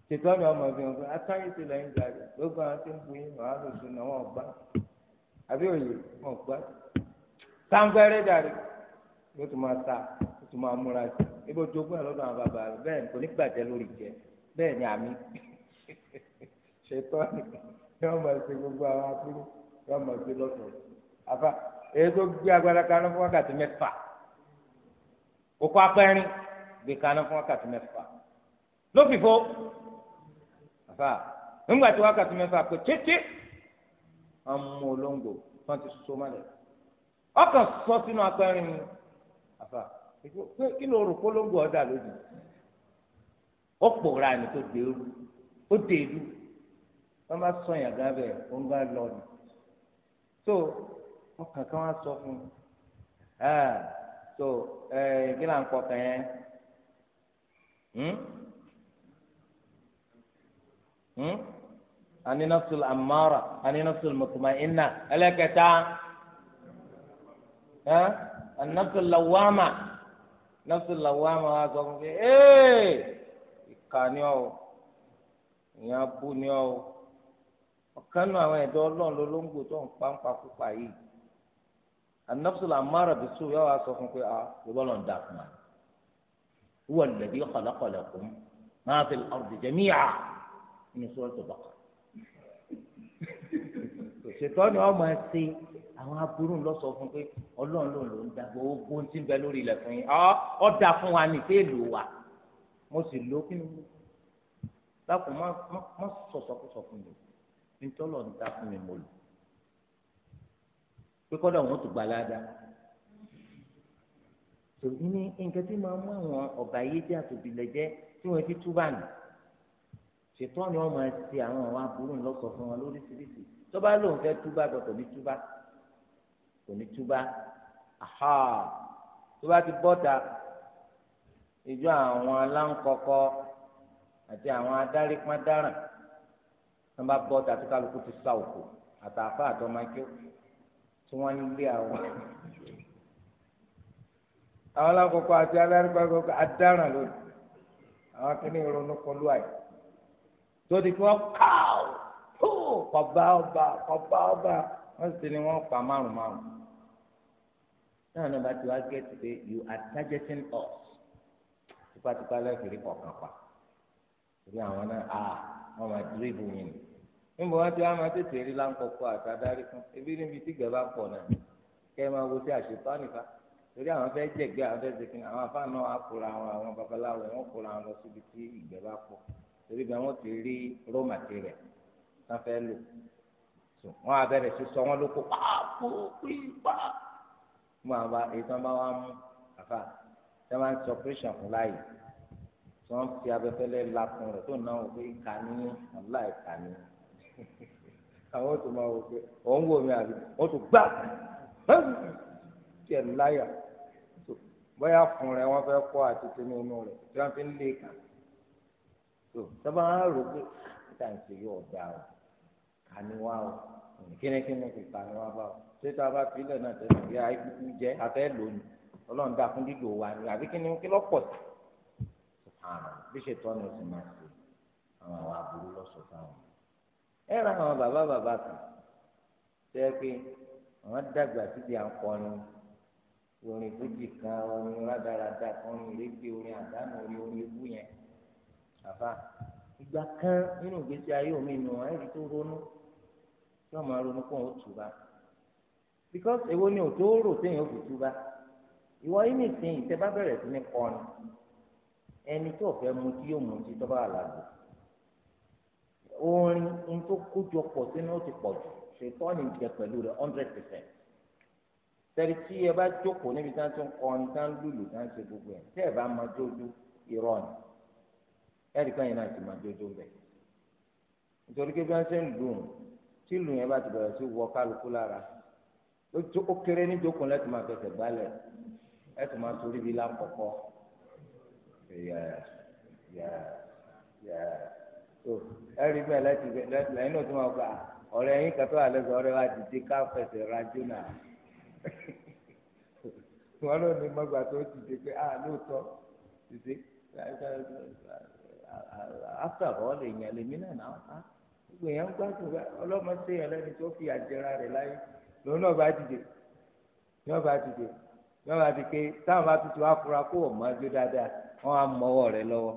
tètè ọ̀nà ọmọ bí wọn fẹ́ atáyì tó lẹ́yìn gbàgbé gbogbo àwọn tó ń bu yín wọn á lọ sùn náà wọn ò gbà àbí òye wọn ò gbà sáńfẹ́rẹ́ dàrí yóò tún máa ta yóò tún máa múra sí ebi ojú ogún ẹ̀ lọ́dọ̀ àwọn bàbá rẹ̀ bẹ́ẹ̀ ni kò ní gbàjẹ́ lórí jẹ bẹ́ẹ̀ ni àmì ṣètọ́ ni yóò máa ṣe gbogbo àwọn akúrú yóò máa ṣe lọ́sọ̀ọ́ àfa èyí tó gbé agbára kaná fún wákàtí mẹ́fà kókó apẹ́rin gbé kaná fún wákàtí mẹ́fà lófìfo àfa nígbà tí wákàtí pé títí wọn olóńgbò wọn ti so ọkàn sọ sínú apẹrin ni àfà kí ló rò polongo ọdà lójú ó pòórá ni tó dé eru ó dé eru wọn bá sọ yàn ó ń lọ ni so ọkàn kan wá sọ fún un so kí là ń kàn yẹn hmm? hmm? amara Ina ẹ anafsu lawama nafsu lawama wa sọ fún mi ee ìka ni ọ ìyẹn abú ni ọ ọkàn náà àwọn ẹ̀dọ́ Ọlọ́run lolóńgbò tó ń pa ń pa púpà yìí anafsu lamara bisu yà wà sọ fún mi ah ìbọn lọ́n dà fún wa huwa alladhi khalaqa lakum ma fil ardi jami'a ní suratul Baqara ṣètò ni wọn máa ṣe àwọn aburú ń lọ sọ fún pé ọlọ́run ló ló ń da gbogbo ohun tí ń bẹ lórí ilẹ̀ fún yín ọ da fún wa ní pé èlò wa mo sì lo kí ni mo dákun má má sọ̀sọ̀kúsọ̀ fún mi nítọ́lọ̀ ń da fún mi mo lò pé kọ́dọ̀ wọn tó gba ládàá tòbí ní nǹkan tí máa mú àwọn ọ̀bà yìí jẹ́ àtòbílẹ̀ jẹ́ tí wọ́n ti túbà nù ṣètò ni wọ́n máa ti àwọn àwọn aburú ń lọ sọ fún wọn lóríṣiríṣi tó bá lóun fẹ́ túbà gbọ́dọ̀ ní túbà kò ní túbá aha tó bá ti bọ́ta ìjọ àwọn aláǹkọ̀kọ́ àti àwọn adarí pọ́ndáràn tó bá bọ́ta tó kálukú ti sá òkú àtàfà àtọmọkẹ́ tí wọ́n ń lé àwọn àwọn aláǹkọ̀kọ́ àti adarí pọ́ndáràn adáràn lónìí àwọn akíní ronú kọlu àyè tó di kí wọ́n káw kọba ọba kọba ọba wọ́n sì ni wọ́n pa márùn márùn náà nọ́mbà tí wàá gẹ́tì pé you are targeting us tipátipá lẹ́ẹ̀kì rí kọ̀ọ̀kan pa torí àwọn náà a wọn máa dírìbù mi nì níbo wọn ti wá máa tètè rí láńkọ̀kọ̀ àtàdárí fún ebi níbi tí gẹ̀ẹ́ bá pọ̀ náà kẹ́ ẹ máa wo sí àṣetọ́ nípa torí àwọn fẹ́ jẹ̀gbẹ́ àwọn fẹ́ jẹ̀gbẹ́ àwọn afáàná akura àwọn àwọn babaláwo wọn kura wọn lọ síbi tí ìgbẹ́ bá pọ̀ torí bí wọn ti rí raw material wọn fẹ́ lò wọn abẹ́rẹ́ sísọ wọn ló kó pípa fún bàbá èyí tí wọ́n bá wá mú àfà tí wọ́n bá ń sọ pírẹ́sàn fún láàyè tí wọ́n fi abẹ́fẹ́lẹ́ lakùn rẹ̀ tó náà wò pé ìka ní ọ̀la ìka ní àwọn tó máa wò pé òun wò mí àbí wọ́n tó gbà tiẹ̀ láyà bóyá fún rẹ̀ wọ́n fẹ́ kọ́ àti tinú inú tí wọ́n fi ń lé kàn tó sábà ń rò pé ìta ìṣèlú ọ̀dà ọ̀ kàníwá ọ̀ kínníkínní kò kàníwá bá ọ̀ ṣé tá a bá fi ilẹ̀ náà tẹ̀sán bí i kúkú jẹ́ afẹ́ lónìí ọlọ́run dá fún lílo wa ni àbí kí ni kí lọ́pọ̀ sí àmà bí ṣe tọ́ ni o sì máa ṣe àwọn àwọn aburú lọ́sọ̀ fáwọn. ẹ ra àwọn bàbá bàbá kan tẹ́ ẹ pé àwọn dàgbà síbi àkọni orin fújì kan orin rádaràda kan orin rédíò orin àdánù orin orin ewu yẹn àbá ìgbà kan nínú ìgbésí ayé omi nù tó ronú tí wọn máa ronú kó wọn tù bá because èwo ni òtó rò téèyàn ò fi túbá ìwọ yìí nìsín ìtẹ́bá bẹ̀rẹ̀ sí ní kọrin ẹni tó fẹ́ mu tí yóò mu tí tó bá làgbò orin ń tó kójọ pọ̀ sínú ó ti pọ̀ jù ṣètọ́ ni jẹ pẹ̀lú rẹ̀ hundred percent tẹ̀lé tí ẹ bá jókòó níbi tí wọ́n ti ń kọrin tí wọ́n ń lùlù tí wọ́n ń ṣe gbogbo ẹ̀ tẹ́ ẹ bá máa jójú irọ́ ni ẹ̀rí kan yìí náà ti máa jójú bẹ̀ nítorí pé wọ́n ṣe ń lù tí lù yẹn bá ti bẹ̀rẹ̀ sí wọ kálukú lára ó kéré ní jókòó lẹ́tọ̀ máa fẹsẹ̀ gbálẹ̀ lẹ́tọ̀ máa torí bí lápọ̀pọ̀ ẹ̀rí bẹ́ẹ̀ lẹ́tì lẹ́yìn náà tó máa gba ah, ọ̀rẹ́ yín kàtó àlẹ́sọ̀ ọ̀rẹ́ wa dìde ká fẹsẹ̀ rajú náà wọn lọ ní mọ́gbà tó dìde pé a ah, lóòótọ́ dìde ah, after all èèyàn lèmi náà náà gbogbo èèyàn gbàgbọ́ ọlọ́mọ sí ẹlẹ́ni tó fi àjẹrà rẹ̀ láyé lòun náà bá dìde ní ọba dìde ní ọba dìde táwọn bá tutù afura kó wọ́n máa jó dáadáa wọ́n á mọ ọwọ́ rẹ lọ́wọ́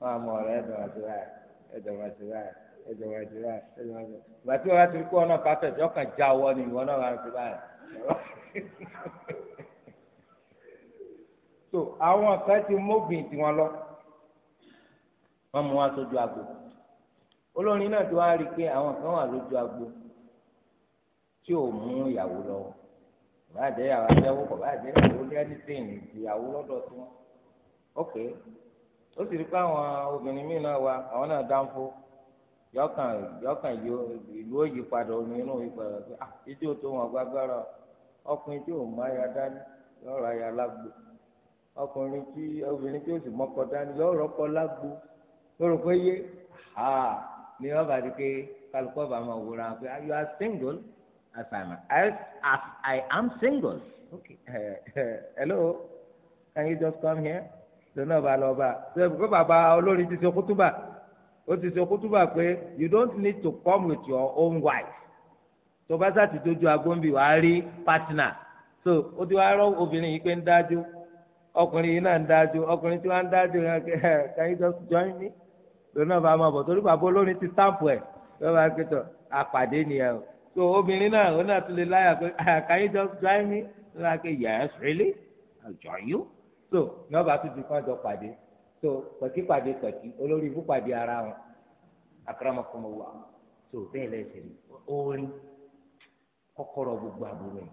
wọ́n á mọ ọ̀rẹ́ ẹ̀dọ̀rọ̀ àti ráyà ẹ̀dọ̀rọ̀ àti ráyà ẹ̀dọ̀rọ̀ àti ráyà ẹ̀dọ̀rọ̀ àti ráyà ìgbà tí wọ́n bá ti kó ọ̀nà pàfẹ́ tí ọkàn já ọwọ́ ni ìwọ náà wà á ti ráyà so àwọn kan ti mógbìn tiwọn lọ wọn mú wa sójú agbo olórin náà ti wá rí i pé àwọn kan wà lójú agbo tí ò mú ìyàwó lọ bàbá àjẹyàwó àjẹwò bàbá àjẹyàwó ní ẹnìtìn ìyàwó lọ́dọ̀ tí wọn ok ó sì rí pé àwọn obìnrin míì náà wà àwọn náà dánfó yọkàn yọkàn ìlú òyì padà omi inú ìpadà pé ah ijó tó wọn gbàgbára ọkùnrin tí ò mú aya dání lọ́rọ̀ aya lágbo ọkùnrin tí obìnrin tí ó sì mọ́kọ dání lọ́rọ̀ ọkọ lágbo lọ́rọ̀ pé yé ha ni wọ́n bá di pé kálukọ́ bá máa wúra pé ah, you are as as, as I am single. Okay. Uh, uh, hello, can you just come here? Don't lọ́nà ọba lọ́ba ṣe kó bàbá olórí ti ṣe kútúbà ó ti ṣe kútúbà pé you don't need to come with your own wife So tó bá you are going to be rí partner so ó ti wá rọ obìnrin yìí pé ń dájú ọkùnrin yìí náà ń dájú ọkùnrin tí wọ́n ń dájú yẹn can you just join me lọ́nà ọba máa bọ̀ torí bàbá olórí ti stamp ẹ̀ lọ́ba pẹ̀tọ̀ àpàdé nìyẹn o so obìnrin náà ó náà tún lè láyà pé ah, can you just join me ní wàá ké yes really I'll join you so ní ọba tó ti kọ́ jọ pàdé so pẹ̀kí pàdé pẹ̀kí olórí ibú pàdé ara wọn akramakumullah so bẹ́ẹ̀ lẹ́sẹ̀ rí orin kọ́kọ́rọ́ gbogbo àbúrò yìí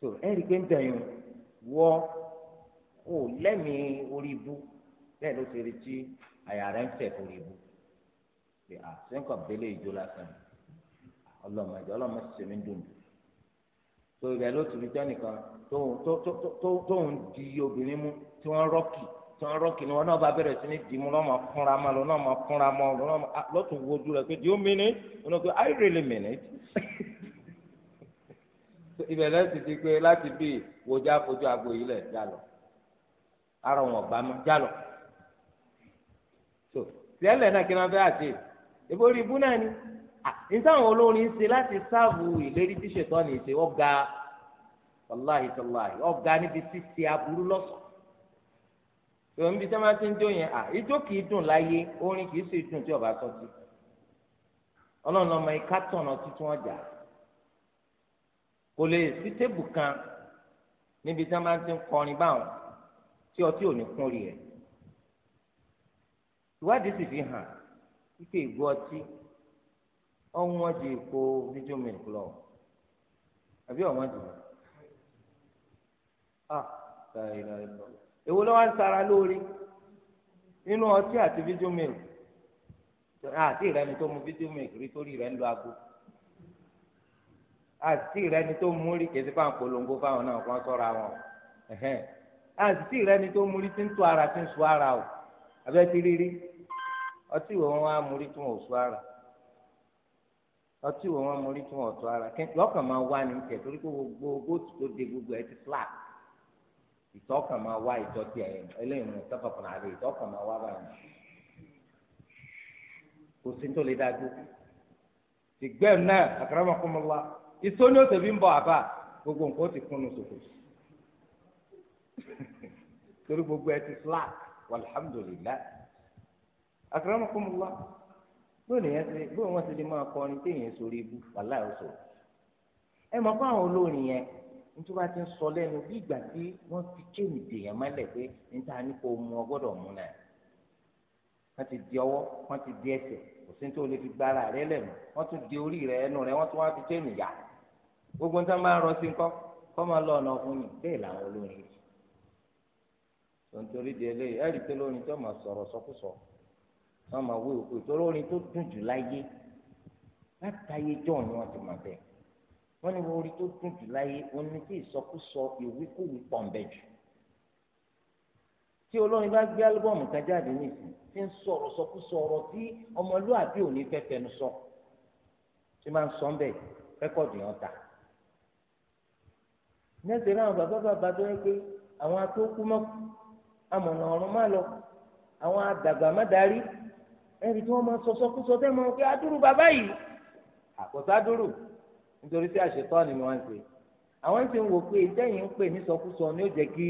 so ẹ̀rí pé ń tẹ̀yìn wọ́ kò lẹ́mìí orí ibú bẹ́ẹ̀ ló ṣe rí tí àyà rẹ̀ ń fẹ̀ orí ibú ah, ṣe àṣẹ́ńkọ̀ bẹ́lẹ̀ ìjọ lásán yìí ọlọ́mọdé ọlọ́mọdé sì mí dùn tó ibẹ̀ ló ti fi tẹ́nìkan tóun di obìnrin mú tí wọ́n rọ́ọ̀kì tí wọ́n rọ́ọ̀kì ni wọ́n náà bá bẹ̀rẹ̀ sí ní dìímú lọ́mọ kúnra mọ́ lọ́nà mọ́ kúnra mọ́ lọ́tún ah, wojú rẹ̀ pé do you mean it? náà pé I really mean it. ibẹ̀ lẹ́yìn ti di pé láti bí wòjá fojú àgbo yìí lẹ̀ jálọ̀ ara wọn ọ̀gbá mọ́ jálọ̀ tó tiẹ̀ lẹ́ náà kí wọ́n fẹ́ àti ìbórí ibú náà ni nítawọn olórin ṣe láti sáàbù ìlérí tí ṣètọ́ ní ṣe ọ̀gá wàláhì tàláhì ọ̀gá níbi títí aburú lọ́sọ̀ọ́ tòun níbi tí wọ́n ti ń jó yẹn à ijó kìí dùn láyé orin kìí sì dùn tí ọba sọtí ọlọ́run ọmọ ìka tọ̀nà tuntun ọjà kò lè sí tébù kan níbi tí wọ́n ti ń kọrin báwọn tí ọtí ò ní kún rí ẹ̀ ìwádìí sì fi hàn wípé ìgbọ́ ọtí ọ̀wọ́n di èkó fídíò mílíkì lọ àbí ọ̀wọ́n di a sáré lọ èwo ló wá ń sara lórí nínú ọtí àti fídíò mílíkì àti ìrẹni tó mu fídíò mílíkì rí torí rẹ ń lo aago àti ìrẹni tó mu rí kèsì fáwọn polongo fáwọn náà kó sọ́ra wọn àti ìrẹni tó mu rí ti ń tó ara ti ń sọ ara o àbẹ ti rírí ọtí ìwọ wọn á mu rí tí wọn ò sọ ara ọtí wo wọn mórí tí wọn tọ ara lọkàn máa wá ní tẹ torí pé gbogbo góòtù tó de gbogbo ẹ ti flat ìtọ́kàn máa wá ìtọ́ tí ẹ eléyìí mú tọkàkùn àlè ìtọ́kàn máa wá báyìí kò sí tó lè dájú ìgbẹ́ náà àkàràmọ́kọ́mọ́lá ìtó ní òsè bí ń bọ̀ àbá gbogbo nǹkan ó ti kúnnu sòkò torí gbogbo ẹ ti flat walhamdulillah àkàràmọ́kọ́mọ́lá. bóyá yẹn ti bóyá wọn ti lè máa kọrin téèyàn sórí ibu wàhálà ó sọ ẹ mọ̀ fún àwọn olórin yẹn nítorí wọn ti ń sọ lẹnu bí ìgbà tí wọn fi kéènì dèèyàn mọ́lẹ̀ pé níta ní kò mú ọ gbọ́dọ̀ mú náà ti di ọwọ́ wọn ti di ẹsẹ̀ kò sí fi gbára rẹ lẹ́nu wọn di orí rẹ ẹnu rẹ wọn wá fi kéènì yá wọn máa wé òkú ìtọ́rọ orin tó dùn jù láyé látàyè john ni wọn ti máa bẹ wọn ní orin tó dùn jù láyé orin tí ìsọkúsọ ìwíkúwí pọ̀nbẹ jù tí olórin bá gbé álúbọ̀mù kan jáde nìsín tí ń sọ̀rọ̀ sọkúsọ ọ̀rọ̀ tí ọmọlúwàbí ò ní fẹ́ fẹnu sọ tí máa ń sọ ń bẹ̀ rẹ́kọ̀dù yẹn ta nẹ́sẹ̀ náà bàbá bàbá tó yẹ pé àwọn atókù mọ́kù amọ̀nà ọ̀run má lọ àwọn àdàgbà má darí ẹ̀rí tí wọ́n máa sọ kú sọ́tẹ́ máa pé adúrú bàbá yìí àkóso nítorí tí àṣetọ́ ni àwọn ń ti wò pé ìtẹ́yìn ń pè ní sọkúsọ ni ó jẹ́ kí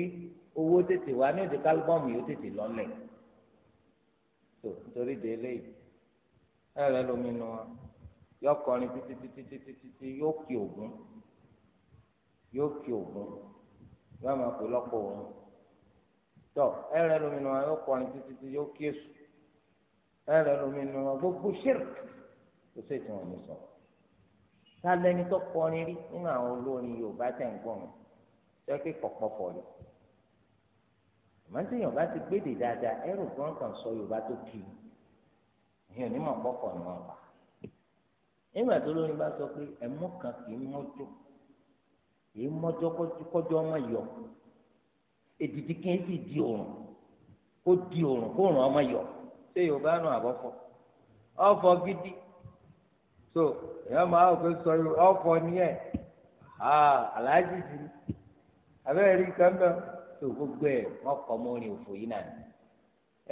owó tètè wá ní òde kálíbọ̀mù yóò tètè lọ́lẹ̀ tó nítorí de eléyìí ẹ̀rẹ́ lomi nu wọn yọ kọrin títí títí títí títí yóò kí ògún yóò kí ògún yóò máa pè ẹrẹ lómi nù wọn gbogbo ṣírk kò sí ìtumọ̀ mi sọ ta tó kọrin rí nínú àwọn olórin Yorùbá tẹ̀ ń gbọ̀n tẹ́kí pọ̀pọ̀pọ̀ rẹ̀ màtí Yorùbá ti gbédè dáadáa ẹrù kan kan sọ Yorùbá tó kì í ìyẹn bá sọ pé kan kì í kì í ọmọ yọ ṣé yorùbá nù àbọ̀fọ̀ ọ̀fọ̀ gidi so èèyàn máa wò pé sọ ọ̀fọ̀ ni ẹ̀ aláàjì sí abẹ́rẹ́ rí nǹkan bẹ́ẹ̀ tó gbogbo ẹ̀ wọ́n kọ́ mọ́ orin òfò yìí nàní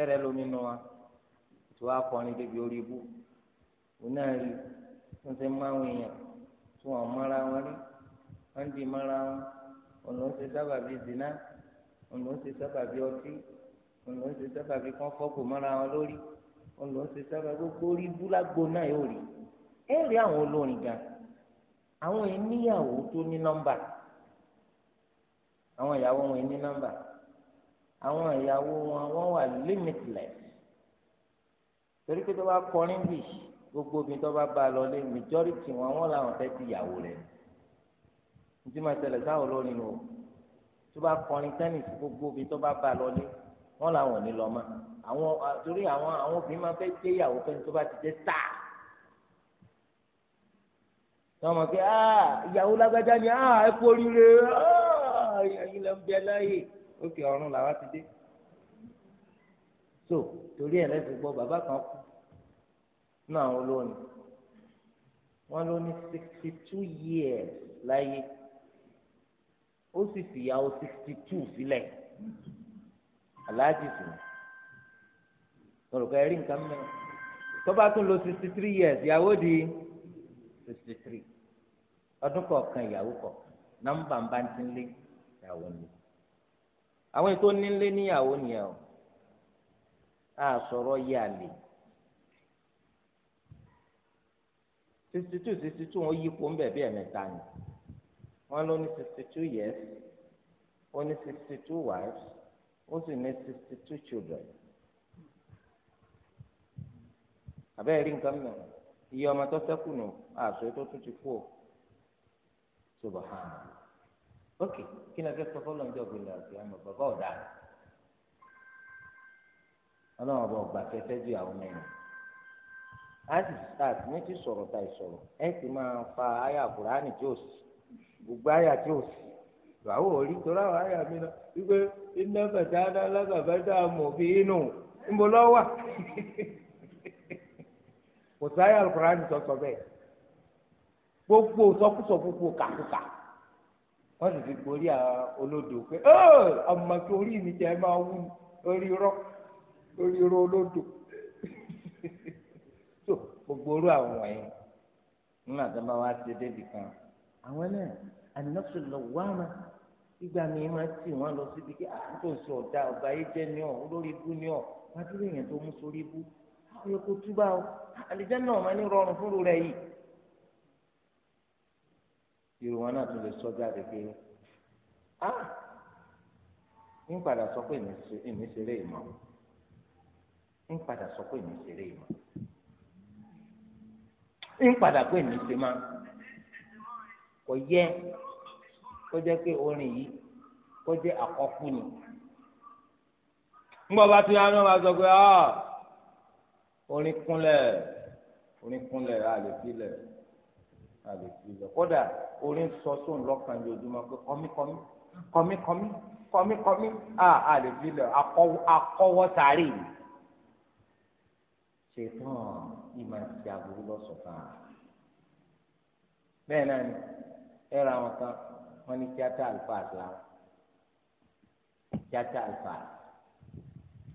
ẹ̀rẹ́ lómi nù wa tó wá kọrin débi orí ibú òun náà rí tó ń sẹ́ máwọn èèyàn tó wọn mọ́ra wọn rí wọ́n ń mọ́ra wọn òun ló ṣe sábàbí zina òun ló ń ṣe sábàbí ọtí wọn lọ ṣe sábà fi kán fọ́pò mọ́ra wọn lórí wọn lọ ṣe sábà gbogbo orí búlágbó náà yóò rí ẹ rí àwọn olórin gan àwọn ìníyàwó tó ní nọ́mbà àwọn ìyàwó wọn ní nọ́mbà àwọn ìyàwó wọn wọn wà limitless torí pé tó bá kọrin bì gbogbo obìnrin tó bá bá a lọlé majority wọn wọn làwọn fẹ́ ti ìyàwó rẹ̀ ní tí máa tẹ̀lé sáwọn olórin o tó bá kọrin tẹ́nìsì gbogbo obìnrin tó bá bá a lọlé wọn làwọn ò ní lọ mọ àwọn torí àwọn àwọn obìnrin máa fẹ́ jẹ́ ìyàwó fẹ́ni tó bá ti jẹ́ sáà wọn mọ̀ pé ìyàwó lágbájá ni ẹ kú oríire ẹ̀yin lẹ́ ń bẹ láàyè òkè ọ̀run làwa ti dé so torí ẹ̀ lẹ́sìn gbọ́ bàbá kan kú nínú àwọn olórin wọn ló ní sixty two years láyé ó sì fìyàwó sixty two sílẹ̀. Si aláàjì sí ni mo rò pé ẹ rí nǹkan mẹ tó bá tún lo sixty three years ìyàwó di sixty three ọdún kọ̀ọ̀kan ìyàwó kọ̀ọ̀kan nọ́mbà ń bá ti ń lé ìyàwó ni àwọn ètò nílé níyàwó nìyẹn o a sọ̀rọ̀ yẹ àlè sixty two sixty two wọ́n yípo ń bẹ̀ bí ẹ̀mẹ́ta ni wọ́n lọ ní sixty two years ó ní sixty two wives. ó sì ní sixty two children abe rí nǹkan mọ̀ iye ọmọ tó sẹ́kù nù àṣọ tó tún ti kú ò ok kí ni a fẹ́ sọ fọlọ́n jọ gbé lọ́sẹ̀ àmọ́ bàbá ọ̀dà ọlọ́run ọba ọgbà ju àwọn a sì start ní ti sọ̀rọ̀ ta ìsọ̀rọ̀ ẹ sì máa fa àyà kùránì tí ó sì gbogbo àwọn òrí tó ráwọ̀ ayà mi lọ wípé iná bàtà alága bàtà mọ̀ bí inú ńbọ lọ́wọ́ kò sáyà alukurani sọ̀sọ̀ bẹ́ẹ̀ gbogbo sọkúsọ gbogbo kàkúkà wọ́n sì fi gborí olódò pé ọmọ tó orí mi jẹ́ máa wú orí rọ́ orí rọ́ olódò tó gbogbo orú àwọn wọ̀nyí nígbà tó bá wá ṣe débi kan àwọn náà ànáfẹ́ lọ́wọ́ àmà ìgbà ma máa tì wọ́n lọ síbi kí àtúntò ah, sí ọ̀dà ọ̀gá yìí jẹ́ ní ọ̀ olórí ibú ní ọ̀ wájúlẹ̀ yẹn tó mú sórí ibú ayọ̀ ah, kó túbà ah, àlejò náà máa ní rọrùn fúnru rẹ̀ yìí. irun wọn náà tún lè sọ jáde pé a ń padà sọ pé èmi ṣeré ìmọ̀ ń padà sọ pé èmi ṣeré ìmọ̀ ń padà kó jẹ́ pé orin yìí kó jẹ́ àkọ́kùn ni ńgbọ́ bá tún yá ni wọ́n máa sọ pé orin kúnlẹ̀ orin kúnlẹ̀ àlè sílẹ̀ àlè sílẹ̀ kódà orin sọ sóun lọ́kàn lójúmọ́ pé kọ́míkọ́mí kọ́míkọ́mí kọ́míkọ́mí àlè sílẹ̀ akọ́wọ́ sáré ṣetán ìmọ̀ ìṣe àbúrú lọ́sọ̀kan bẹ́ẹ̀ náà ni ẹ̀rọ àwọn kan wọ́n ní tíátà alfaas làwọn tíátà alfaas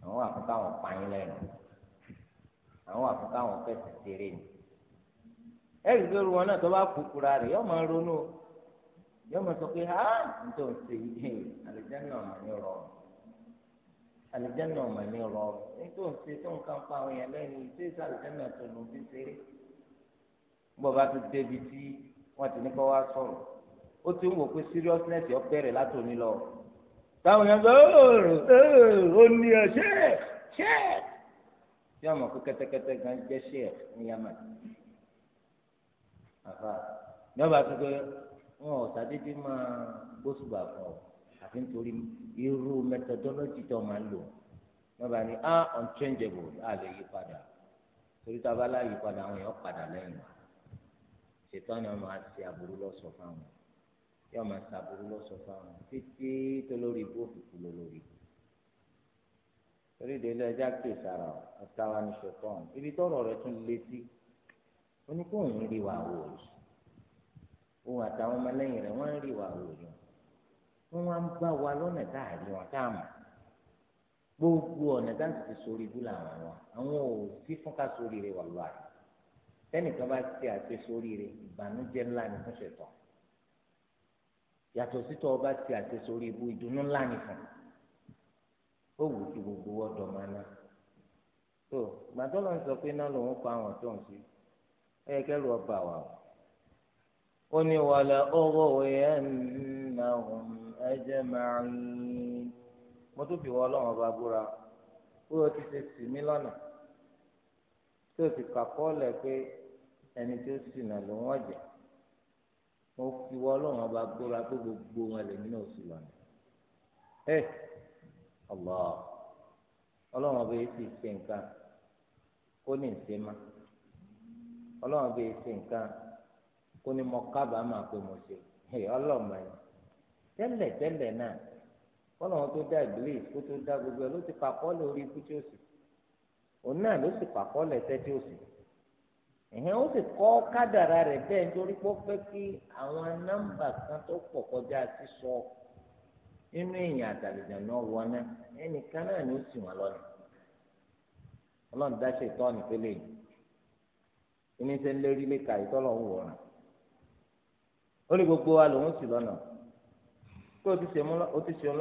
àwọn àkókò àwọn pààyàn lẹ́nu àwọn àkókò àwọn fẹsẹ̀ ṣeré ni ẹ̀rí lóru wọn náà tó bá kúkúra rẹ̀ yóò máa ronú yóò máa sọ pé ha nítorí ṣe yìí àlùjánnà ọmọ ní rọrùn àlùjánnà ọmọ ní rọrùn nítorí ṣe tó ń kàn pa àwọn èèyàn lẹ́nu ṣé ṣe àlùjánnà tó lò bí ṣeré bọ́ba tó débi tí wọ́n ti ní kọ́ wá sọ̀rọ̀ ó ti ń wò pé seriousness yọ bẹ̀rẹ̀ látòní lọ. táwọn yẹn bẹ ó ní ọ ṣe ṣe bí ọmọ pé kẹ́tẹ́kẹ́tẹ́ gan jẹ ṣe ẹ ní yamma àfa ní ọba tó pé wọn ò sàdédé máa gbósùbà fún ọ àfi nítorí irú methodology tó máa ń lò ní ọba ní ah unchangeable a lè yí padà torí tá a bá láyé padà àwọn èèyàn padà lẹ́yìn ṣètò àwọn ọmọ àti àbúrò lọ sọ yóò máa ṣàbùrú lọ́sọ̀ fáwọn títí tó lórí ibú òfìkú ló lórí torí ìdílé ẹjá kè sára ọ ọ̀tàwá ni ṣẹtọ́n ibi tọ́rọ̀ rẹ tún lé sí oníkóhùn rí wà wò rí òun àtàwọn ọmọlẹ́yìn rẹ̀ wọ́n ń rí wà wò rí wọ́n wá ń bá wa lọ́nà tá a rí wọn tá a mọ̀ gbogbo ọ̀nà tá a sì ti sórí ibú làwọn wọn àwọn ò sí fún ká sórí rẹ wà lọ́wọ́ àti tẹ́nìkan bá ti àti sórí rẹ ìbànújẹ́ ńlá ni fún ṣẹtọ́n yàtọ̀ sí tọ́ ọba ti àtẹ̀sórí ibu ìdùnnú ńlá nìkan ó wù kí gbogbo ọ̀dọ̀ máa ná tó gbàdọ́lọ́ ń sọ pé náà lòun pa àwọn tó ń sí ẹ yẹ kẹ́rù ọba wà o ó ní wàlẹ̀ ọwọ́ ẹ̀ nà ọ̀hún ẹ̀jẹ̀ máa ń mo tún fi wọ́n ọlọ́run ọba búra ó yọ ti ṣe sì mí lọ́nà tó ti kà kọ́ pé ẹni tó sì nà lòun ọ̀jẹ̀. ó fi wọ́ ọlọ́run ọba gbóra pé gbogbo wọn lèmi náà sì lọ́nà ẹ ọlọ ọba yìí sì ṣe nǹkan kó ní ìṣe má ọlọ́run ọba yìí ṣe nǹkan kó ní kábàámà pé mo ṣe ẹ ọlọ́run ẹ tẹ́lẹ̀ tẹ́lẹ̀ náà ọlọ́run tó dá ìbílẹ̀ kó tó dá gbogbo ẹ ló ti pàkọ́ lórí ikú tí ó sì òun náà ló ẹ̀hìn ó sì kọ́ kádàrà rẹ̀ bẹ́ẹ̀ nítorí pé ó fẹ́ kí àwọn nọ́mbà kan tó pọ̀ kọjá sísọ nínú èèyàn àtàlejò náà wọná ẹnìkan náà ni ó sì wọn lọ́nà ọlọ́run dáṣe ìtọ́ni tó lè yìí oníṣẹ́ lérí lè ka ìtọ́lọ̀ ń wọ̀ràn ó lè gbogbo wa lòun sì lọ́nà kó o ti ṣe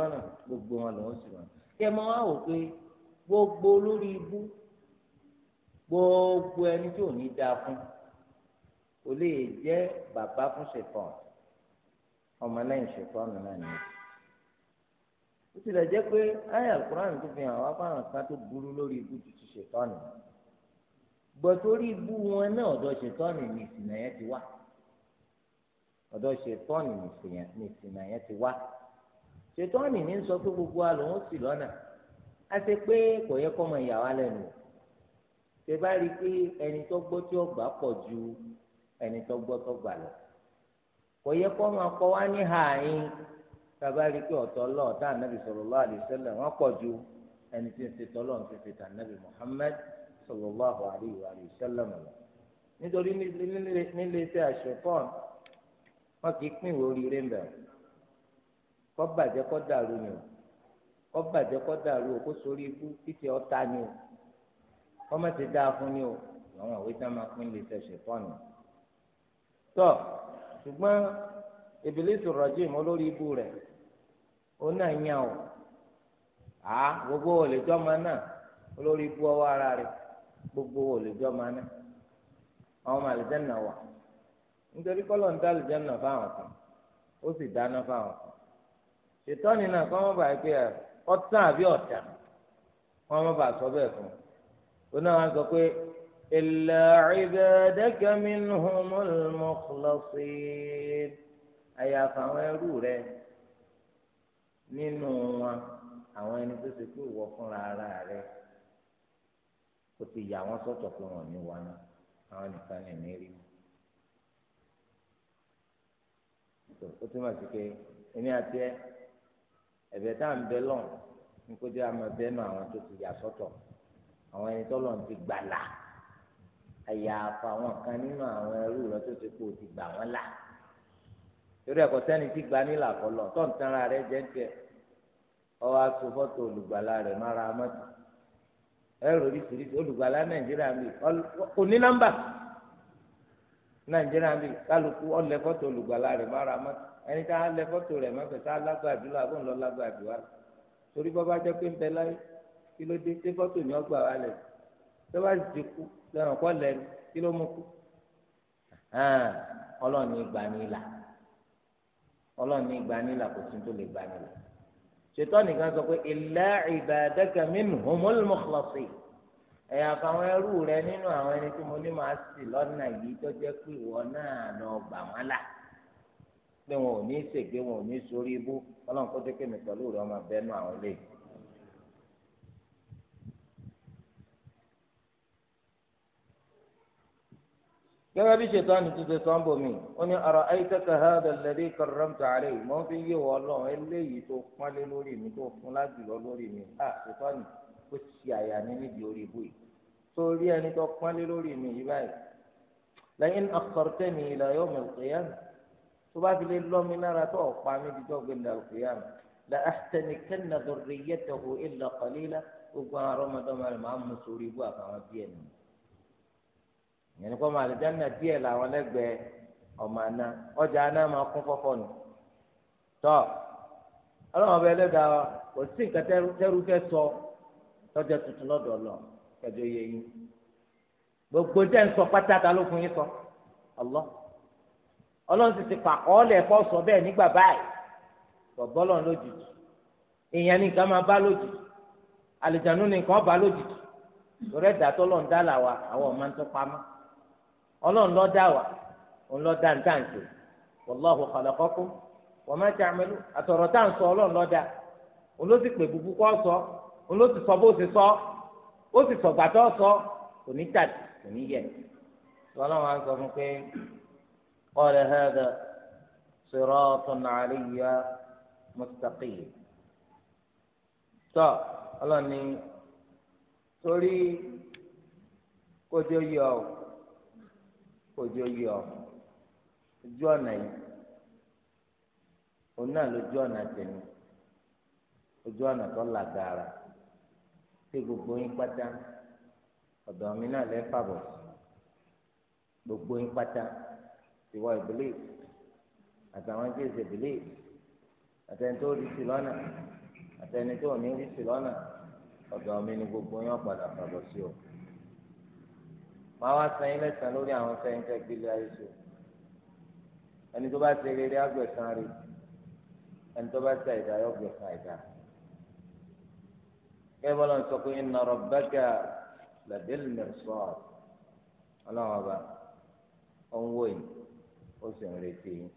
gbogbo wa lòun sì lọ́nà kí ẹ máa wò gbogbo lori ibú. gbogbo ẹni tí ò ní dáa fún kò lè jẹ́ bàbá fún ṣètọ́n ọmọlẹ́yìn ṣètọ́n náà ni ó tilẹ̀ jẹ́ pé ayé àkùrán tó fi hàn wá fáwọn kan tó burú lórí ibú tuntun ṣètọ́n ni gbọ̀tórí ibú wọn náà ọ̀dọ̀ ṣètọ́n ni ìsìnà yẹn ti wá ọ̀dọ̀ ṣètọ́n ni ìsìnà yẹn ti wá ṣètọ́n ni ní sọ pé gbogbo àlòun sì lọ́nà àti pé kò yẹ kọ́ ọmọ ìyàwó alẹ́ nù ṣe bá rí i pé ẹni tó gbọ́ tí ó gbà pọ̀ ju ẹni tó gbọ́ tó gbà lọ kò yẹ kó máa kọ́ wá ní hàáyín tàbá rí i pé ọ̀tọ̀ lọ́ọ̀ tá ànábì sallallahu alaihi wasallam wọ́n pọ̀ ju ẹni tí ń ṣe tọ́lọ́ ń ṣe tà ànábì Muhammad sallallahu alaihi wasallam lọ nítorí nílé iṣẹ́ àṣepọ́n wọn kì í pín ìwé oríire ń bẹ̀ kọ́ bàjẹ́ kọ́ dàrú ni o kọ́ bàjẹ́ kọ́ dàrú o kó sórí ikú títí ọ̀tá ni o kọ́mọ̀ ti dáa fún ni o àwọn òwe tá a máa fún lè tẹ̀sẹ̀ pọ́nù. tọ́ ṣùgbọ́n ìbílísù rọ̀jìm olórí ibú rẹ̀ ó náà yàn o à gbogbo òlèjọ́ máa náà olórí ibú ọwọ́ ara rẹ̀ gbogbo òlèjọ́ máa náà àwọn ọmọ àlìjẹ́nà wà nítorí kọ́lọ̀ ń dá àlìjẹ́nà fáwọn kan ó sì dáná fáwọn kan ṣètọ́ni náà kọ́ bàá pé ọ̀tàn àbí ọ̀tàn wọ́n bàá sọ bẹ́ẹ̀ fún un oná wa sọ pé illa ibadaka minhumul mukhlasin àyàfà àwọn ẹrú rẹ nínú wọn àwọn ẹni tó ṣe pé ìwọ fúnra ara rẹ kò ti yà wọn sọ́tọ̀ pé wọn ní wọn náà àwọn nìkan ní ní rí wọn. ó túmọ̀ sí pé èmi àti ẹ ẹ̀bẹ̀ tá à ń bẹ lọ́n ní kó jẹ́ àmọ́ bẹ́ẹ̀ náà àwọn tó ti yà sọ́tọ̀ àwọn ẹni tọ́lọ̀ ti gbàlà àyàfà àwọn kan nínú àwọn ẹrú rẹ tó ti kú ti gbà wọ́n là torí ẹ̀kọ́ sẹ́ni ti gba nílà kọlọ̀ tọ́ǹtara rẹ jẹ́jẹ́ ọwọ́ aṣọ fọ́tò olùgbàlà rẹ̀ mára mọ́tò ẹrù oríṣiríṣi olùgbàlà nàìjíríà mi kò ní nọ́mbà nàìjíríà mi kálukú ọlẹ fọ́tò olùgbàlà rẹ̀ mára mọ́tò ẹni tá a lẹ fọ́tò rẹ̀ mọ́tò tá a lágbàdúrà bó ń lọ lágbàdúrà torí bọ́ jẹ́ pé ń bẹ láyé kí ló dé ṣé fọ́tò ni ọgbà wa lẹ̀ tó bá ti kú lẹ́nu kọ́ lẹ́nu kí ló mú kú ọlọ́ọ̀ni ìgbà ni ìlà ọlọ́ọ̀ni ìgbà ni ìlà kò tún tó lè gbà ni ìlà ṣètò nìkan sọ pé illa ibadaka minhumul mukhlasin ẹ̀yà àfàwọn ẹrú rẹ nínú àwọn ẹni tí mo ní màá sì lọ́nà yìí tó jẹ́ pé ìwọ náà lọ gbà wọ́n là pé wọn ò ní ṣègbè wọn ò ní sórí ibú ọlọ́run kó tẹ́kẹ́ mi pẹ̀lú rẹ ọmọ abẹ́nú àwọn eléyìí. gẹ́gẹ́ bí ṣètọ́ni ti ṣe sọ́ńbò mi ó ní ọ̀rọ̀ ayíkẹ́kẹ́ hàdà lẹ́dí kọ̀rọ̀m tààrẹ́ yìí mọ́ fi yé wọ ọlọ́run eléyìí tó pọ́nlé lórí mi tó fún lájùlọ lórí mi à ṣètọ́ni ó ṣe àyà mi níbi orí ibú yìí sórí ẹni tó pọ́nlé lórí mi yìí báyìí lẹ́yìn akọ̀rọ̀tẹ́ni ìlà yóò mọ̀ ìkéyàmù tó bá fi lè lọ́ lára tó ọ̀pá mi di dọ́gbẹ̀ndà ìkéyàmù la àtẹnikẹ́ni ìyẹn ni kọ́ máa àlùjáná díẹ̀ làwọn lẹ́gbẹ̀ẹ́ ọmọ àná ọjà àná máa kún fọ́fọ́ nù tọ́ ọlọ́run ọba ẹlẹ́dàá kò sí nǹkan tẹ́rú fẹ́ sọ tọ́jà tuntun lọ́dọ̀ lọ kẹjọ yẹ yín gbogbo jẹ́ ń pátákà ló fún yín sọ ọlọ́ ọlọ́run sì ti pàkọ́ọ́lẹ̀ ẹ̀kọ́ sọ bẹ́ẹ̀ nígbà báyìí lójijì èèyàn ní nǹkan máa bá lójijì ní nǹkan bá lójijì dá àwọn ọmọ ń pamọ́. ọlọ́run ló dá wa òun ló dá nǹkan ṣe wallahu khalaqakum wa ma ta'malu àtọ̀rọ̀ tá à ń sọ ọlọ́run ló dá òun ló sì pè gbogbo kọ́ sọ òun ló sì sọ bó ti sọ ó sì sọ̀gbà tó sọ kò ní tàbí kò ní yẹ ọlọ́run á sọ fún pé qala hadha siratun alayya mustaqim tọ́ ọlọ́run ní torí kójú yọ ọ́ ojú yọ ojú ọ̀nà yìí òun náà lójú ọ̀nà tèmi ojú ọ̀nà tó là gàrà tí gbogbo yín pátá ọ̀dọ̀ mi náà lẹ́ fàbọ̀ gbogbo yín pátá ìwọ ìbílẹ̀ àtàwọn tí èsè ìbílẹ̀ àtẹni tó rí sí lọ́nà àtẹni tó ní rí sí lọ́nà ọ̀dọ̀ mi ni gbogbo yín ọ̀padà fàbọ̀ sí o màá wá san yín lẹ́sàn lórí àwọn sẹ́yìn tẹ́ gbélé ayé so ẹni tó bá ṣe rere agbẹ̀san rẹ̀ ẹni tó bá ṣe àìdá yọ gbẹ̀san àìdá. kẹ́ bọ́lá ń sọ pé inna rabbaka labil mirsad ọlọ́run ọba ó ń wò yín ó sì ń retí yín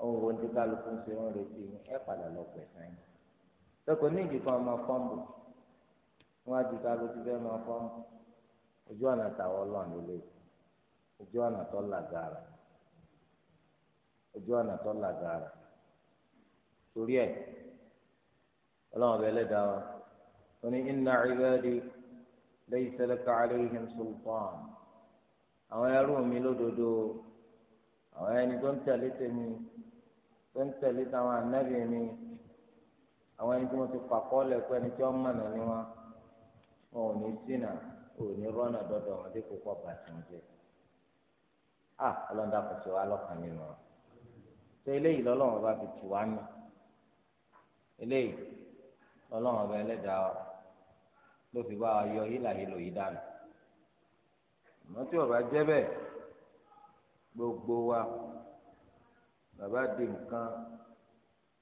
ó ń wo ní kálukú ń ṣe ń retí yín ẹ padà lọ gbẹ̀san yín. sọ́kò ní ìdí kan máa fọ́ǹbù á di kálukú fẹ́ máa fọ́ǹbù ojú ọ̀nà tàwọn ọlọ́run lélẹ̀ ojú ọ̀nà tó làgàrà ojú ọ̀nà tó làgàrà torí ẹ̀ ọlọ́run ọba ẹlẹ́dàá wa ó ní inna ibadi laysa laka alayhim sultan àwọn ẹrú mi lódodo àwọn ẹni tó ń tẹ̀lé tèmi tó ń tẹ̀lé táwọn ànábì mi àwọn ẹni tí mo ti pàkọ́ lẹ̀ pé ẹni tí wọ́n mọ̀nà ni wọ́n wọn ò ní sínà. òní rọ́nà dọ́dọ̀ wọn dípò pọ̀ bá tí wọ́n jẹ́ à ọlọ́dà kò sí wa lọ́kàn nínú wọn Ṣé eléyìí lọ́lọ́wọ́n bá fi tù wá nù eléyìí lọ́lọ́wọ́n bá ẹlẹ́dàá ló fi bá wa yọ hílàhílò yìí dànù àmọ́ tí gbogbo wa bàbá di nǹkan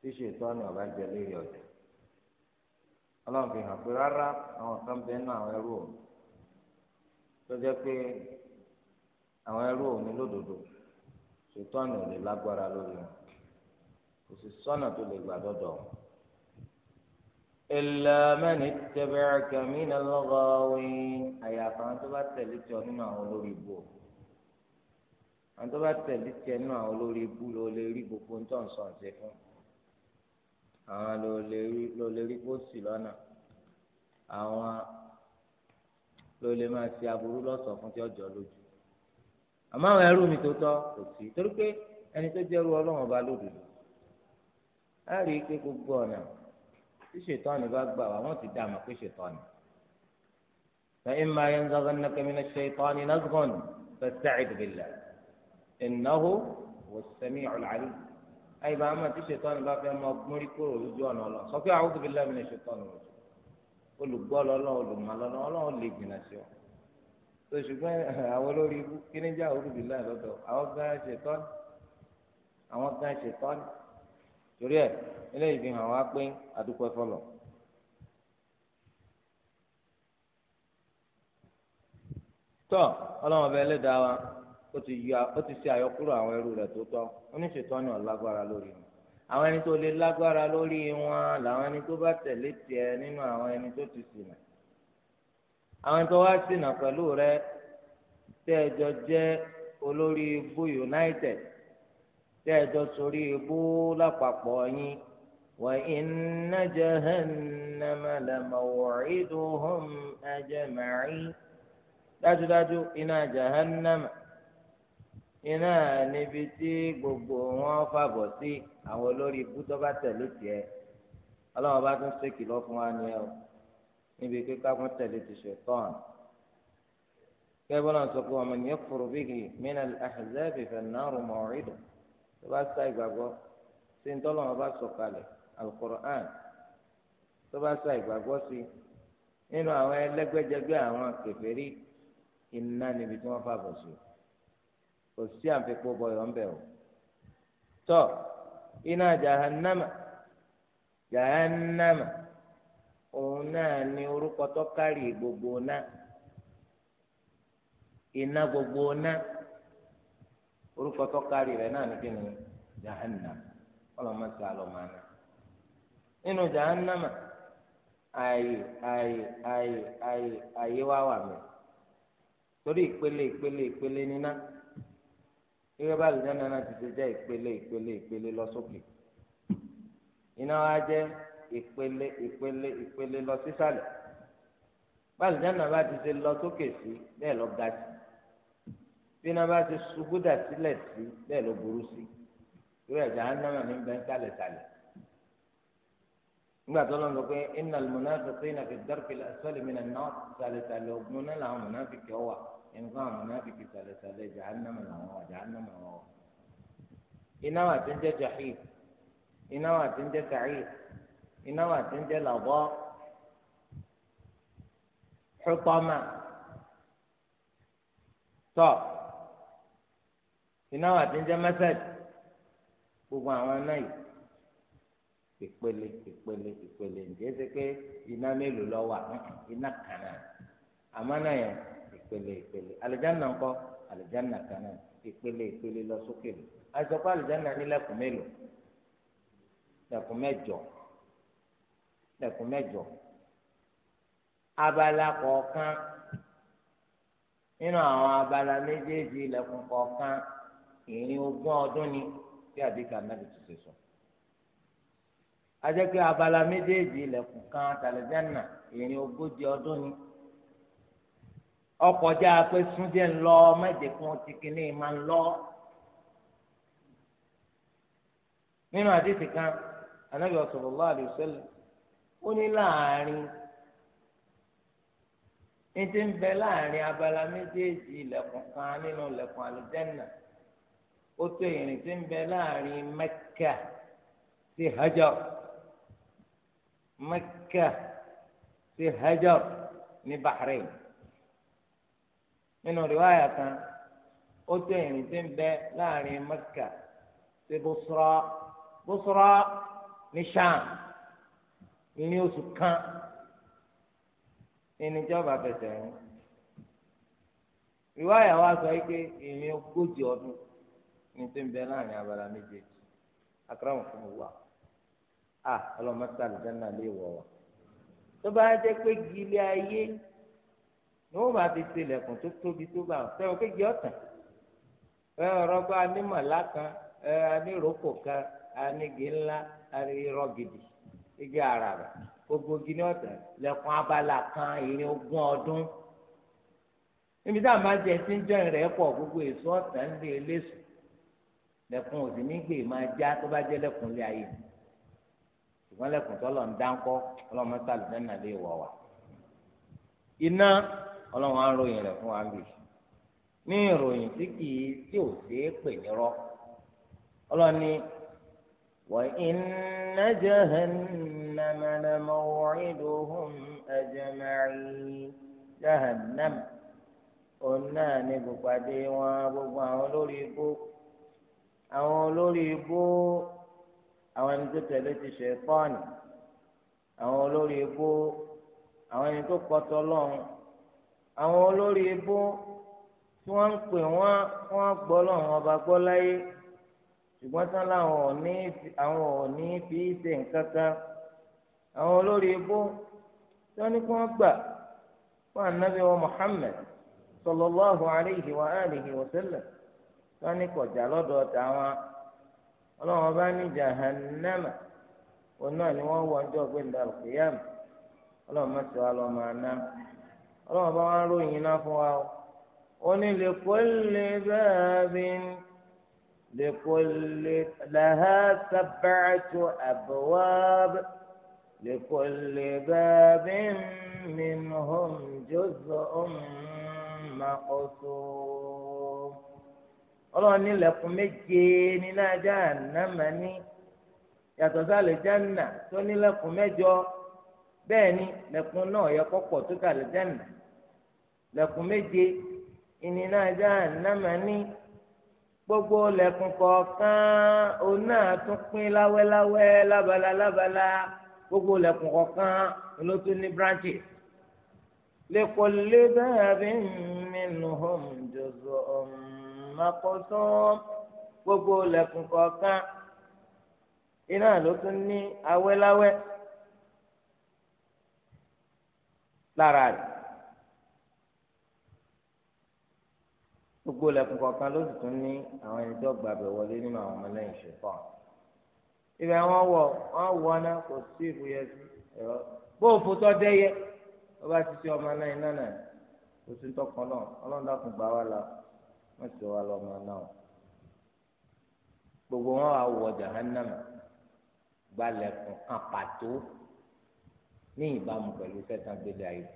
tí ọ̀bá jẹ tọ́jọ́ pé àwọn ẹrú òní lódodo ṣètọ́nù ò lè lágbára lórí wọn kò sì sọ́nà tó lè gbà dọ́dọ̀ wọn. إلا من اتبعك من الغاوين àyàfà àwọn tó bá tẹ̀lé tí ọ nínú àwọn olórí ibú o àwọn tó bá tẹ̀lé tí nínú àwọn olórí ibú ló lè rí gbogbo ń tàn sàn ṣe fún àwọn ló lè rí kó sì lọ́nà àwọn ló lè máa ṣe aburú lọ́sọ̀ fún tí ọjọ́ lójú àmọ́ àwọn ẹrú mi tó tọ́ kò sí torí pé ẹni tó jẹ́rú ọlọ́run ọba lódodo á rí i pé gbogbo ọ̀nà tí ṣètọ́ni bá gbà wá wọ́n ti dá àmọ́ pé ṣètọ́ni. فإما ينزغنك من الشيطان نزغ فاستعذ بالله إنه هو السميع العليم أي بأما تشيطان بقى ما مريكور وجوانا الله صفي أعوذ بالله من الشيطان الرجيم olùgbọ́ lọ́nà olùmọ̀ lọ́nà ọlọ́run lè gbìnà sí ọ. tó ṣùgbọ́n eh, àwọn olórí ibú kíníjà olùbí náà lọ́dọ̀ àwọn gan ṣètọ́ àwọn gan ṣètọ́ torí ẹ eléyìí fi hàn wá pé àdúpẹ́ fọlọ́. tọ́ ọlọ́run ọba ẹlẹ́dàá wa ó ti ṣe àyọkúrò àwọn ẹrú rẹ̀ tó tọ́ oníṣètọ́ ni ọ̀lágbára lórí wọn àwọn ẹni tó lè lágbára lórí wọn làwọn ẹni tó bá tẹ̀lé tiẹ̀ nínú àwọn ẹni tó ti ṣìnà àwọn tó wá ṣìnà pẹ̀lú rẹ tẹ́ ẹ jọ jẹ́ olórí ibú united tẹ́ ẹ jọ sórí ibú lápapọ̀ yín wa inna jahannama lamaw'iduhum ajma'in dájúdájú iná jahannama iná níbi tí gbogbo wọn fàbọ̀ sí àwọn olórí ibú tó bá tẹ̀lé tiẹ̀ ọlọ́run bá tún ṣèkìlọ̀ fún wa ni ẹ o níbi pé ká fún tẹ̀lé ti ṣe tán kẹ́bọ́nà sọ pé ọmọ yẹn kúrò bíi mìíràn àhẹ́zẹ́bì fẹ̀ náà rò mọ́ tó bá sá ìgbàgbọ́ sí ní tọ́lọ́run bá sọ kalẹ̀ alukur'an tó bá sá ìgbàgbọ́ sí nínú àwọn ẹlẹ́gbẹ́jẹgbẹ́ àwọn kèfèrí iná níbi tí wọ́n fàbọ̀ sí o. òsì àfikún bọyọ ń bẹ o tọ iná jahannama jahannama òun náà ni orúkọ tó kárì gbogbo ná iná gbogbo ná orúkọ tó kárì rẹ náà níbi ní jahannama ọlọmọsí àlọmọaná nínú jahannama ayé ayé ayé ayé ayé wá wà mí torí ìpele ìpele ìpele níná. gẹ́gẹ́ bá àlùjáná náà ti ṣe jẹ́ ìpele ìpele ìpele lọ sókè iná wa jẹ́ ìpele ìpele ìpele lọ sísàlẹ̀ bá àlùjáná bá ti ṣe lọ sókè sí bẹ́ẹ̀ lọ ga sí bí iná bá ti ṣubú dà sílẹ̀ sí bẹ́ẹ̀ ló burú sí ìrẹ̀ jahannama ní bẹ́ẹ̀ sálẹ̀ sálẹ̀ nígbà tó lọ́nà pé innal munafiqina fi ad-darki al-asfali mina an-nar sálẹ̀ sálẹ̀ náà làwọn mọ̀nà fi kẹ́ ọ wà. ẹnìkan àwọn mọ̀nàfíkì sàlẹ̀sàlẹ̀ jahannama làwọn wà jahannama wọn wà. iná wà tí ń jẹ́ jahim iná wà tí ń jẹ́ sa'ir iná wà tí ń jẹ́ làbọ́ xutọ́mà tọ́ iná wà tí ń jẹ́ masad gbogbo àwọn iná ìpele ìpele ìpele alìjánà ńkọ alìjánà kan náà ìpele ìpele lọ sókè lò àìsàn pé alìjánà ní lẹ̀kùn mélòó lẹ̀kùn mẹ́jọ lẹ̀kùn mẹ́jọ abala kọ̀ọ̀kan nínú àwọn abala méjèèjì lẹ̀kùn kọ̀ọ̀kan ìrìn ogún ọdún ni bí àdìkà nàbì tó ṣe sọ ajẹ́ pé abala méjèèjì lẹ̀kùn kan tàlẹ́jánà ìrìn ogójì ọdún ni ọkọjá pé súnjẹ ń lọ mẹjẹkùn ti kínní máa ń lọ. nínú àdìsí kan anábì sallallahu alaihi wasallam ó ní láàrin ní ti ń bẹ láàrin abala méjèèjì ilẹ̀kùn kan nínú ilẹ̀kùn àlùjẹ́nà ó tó ìrìn tí ń bẹ láàrin mẹ́kà sí hajar mẹ́kà sí hajar ní bahrain nínú rìwáyà kan ó tó ìrìn tí ń bẹ láàrin mẹ́kà sí bùsùrọ̀ bùsùrọ̀ ní sàn ní oṣù kan ìníjọba bẹ̀sẹ̀ rìn rìwáyà wa sọ yìí pé ìrìn ogójì ọdún ní tí ń bẹ láàrin abala méjèèjì akérèwọn fún wa a ah, ọlọmọ sàlùjẹ náà lè wọ wa tó bá jẹ pé gílé ayé ni wọ́n bá fi ṣe ilẹ̀kùn tó tóbi tó bá wọn sẹ́wọ́n kéèké ọ̀tàn ẹ ọ̀rọ̀ bá kan ẹ aníròkò kan anigi ńlá anírọ̀ igi àràbà gbogbo gini ọ̀tàn lẹ̀kùn abala kan ìrìn ogún ọdún níbi tá a máa jẹ sí ń jọ ìrẹ́ pọ̀ gbogbo èso ọ̀tàn ń lé eléso lẹ̀kùn òsì nígbè e máa já tó bá jẹ́ lẹ̀kùn lé ayé ṣùgbọ́n lẹ̀kùn tó lọ ń dáńkọ́ ọlọ́mọ sálùmẹ́nà lè wọ̀ wá. iná ọlọ́run á ròyìn rẹ̀ fún wa bì ní ìròyìn tí kì í tí ò sí pè ní rọ ọlọ́run ní wa inna jahannama la maw'iduhum ajma'in jahannam òun náà ní gbùpàdé wọn gbogbo àwọn olórí ibú àwọn olórí ibú àwọn ẹni tó tẹ̀lé ti ṣe fọ́ọ̀nì àwọn olórí ibú àwọn ẹni tó kọtọ lọ́hùn. àwọn olórí ibú tí wọ́n ń pè wọ́n wọ́n gbọ́ lọ́wọ́ ọba gbọ́ láyé ṣùgbọ́n tán láwọn ní àwọn fi ṣe nǹkan kan àwọn olórí ibú tí wọ́n ní kí gbà fún anabi wa Muhammad sallallahu alayhi wa alihi wa sallam wọ́n ní kọjá lọ́dọ̀ tàwọn Ọlọ́run bá ní jahannama òun ọlọ́run bá wọn ròyìn iná fún wa o ó ní lèkólè bẹ́ẹ̀bí lèkólè làhá sábàtú àbúwábẹ́ lèkólè bẹ́ẹ̀bí minhum juz'un maqsum. ọlọ́run nílẹ̀kùn méje nínú ajá ànámání yàtọ̀ sálẹ̀ jánà tó nílẹ̀kùn mẹ́jọ bẹ́ẹ̀ ni lẹ̀kùn náà yẹ kọ́kọ́ tó kàlẹ̀ jánà lẹ̀kùn méje ìnìnà jahannama ní gbogbo lẹ̀kùn kọ̀ọ̀kan òun náà tún pín láwẹ́láwẹ́ lábala lábala gbogbo lẹ̀kùn kọ̀ọ̀kan ló tún ní branches likulli baabin minhum juz'un maqsum gbogbo lẹ̀kùn kọ̀ọ̀kan iná ló tún ní awẹ́láwẹ́ lára rẹ̀. gbogbo lẹ́kùn kọ̀ọ̀kan ló sì tún ní àwọn ẹni tó gbàgbẹ́ wọlé nínú àwọn ọmọlẹ́yìn ṣùkọ́ ibẹ̀ wọ́n wọ̀ wọ́n wọ ná kò sí ìfúyẹ́ sí ẹ̀rọ bó o fò tọ́ dẹ́yẹ wọ́n bá ti ṣe ọmọlẹ́yìn náà náà kò sí tọkàn náà ọlọ́run dákun gbà wá la wọ́n ti wá lọ́mọ náà gbogbo wọn wà wọ jahannama gbalẹ̀kùn kan pàtó ní ìbámu pẹ̀lú sẹ́tàn gbélé ayé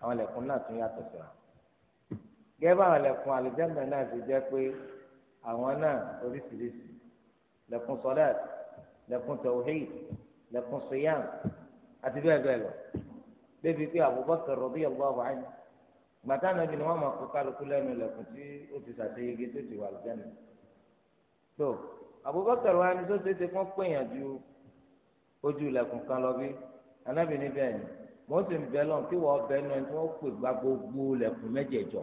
àwọn lẹ̀kùn náà tún yàtọ̀ síra gẹ́gẹ́ àwọn lẹ́kùn àlùjáde náà ti jẹ́ pé àwọn náà oríṣiríṣi lẹ́kùn sọ́lẹ́t lẹ́kùn tawhid lẹ́kùn siyam àti bẹ́ẹ̀ bẹ́ẹ̀ lọ débi pé Abubakar radiyallahu anhu gbàtà náà bí ni wọ́n máa kó kálukú lẹ́nu lẹ́kùn tí ó ti sàṣeyege tó ti wà àlùjáde tó Abubakar wa ni tó ṣe é ṣe kán pèèyàn ju ojú lẹ́kùn kan lọ bí anábìíní bẹ́ẹ̀ ni mọ́sìn bẹ́ẹ̀ lọ́n kí wọ́n bẹ́ẹ̀ náà tí wọ́n pè gbá gbogbo lẹ́kùn mẹ́jẹ̀ẹ̀jọ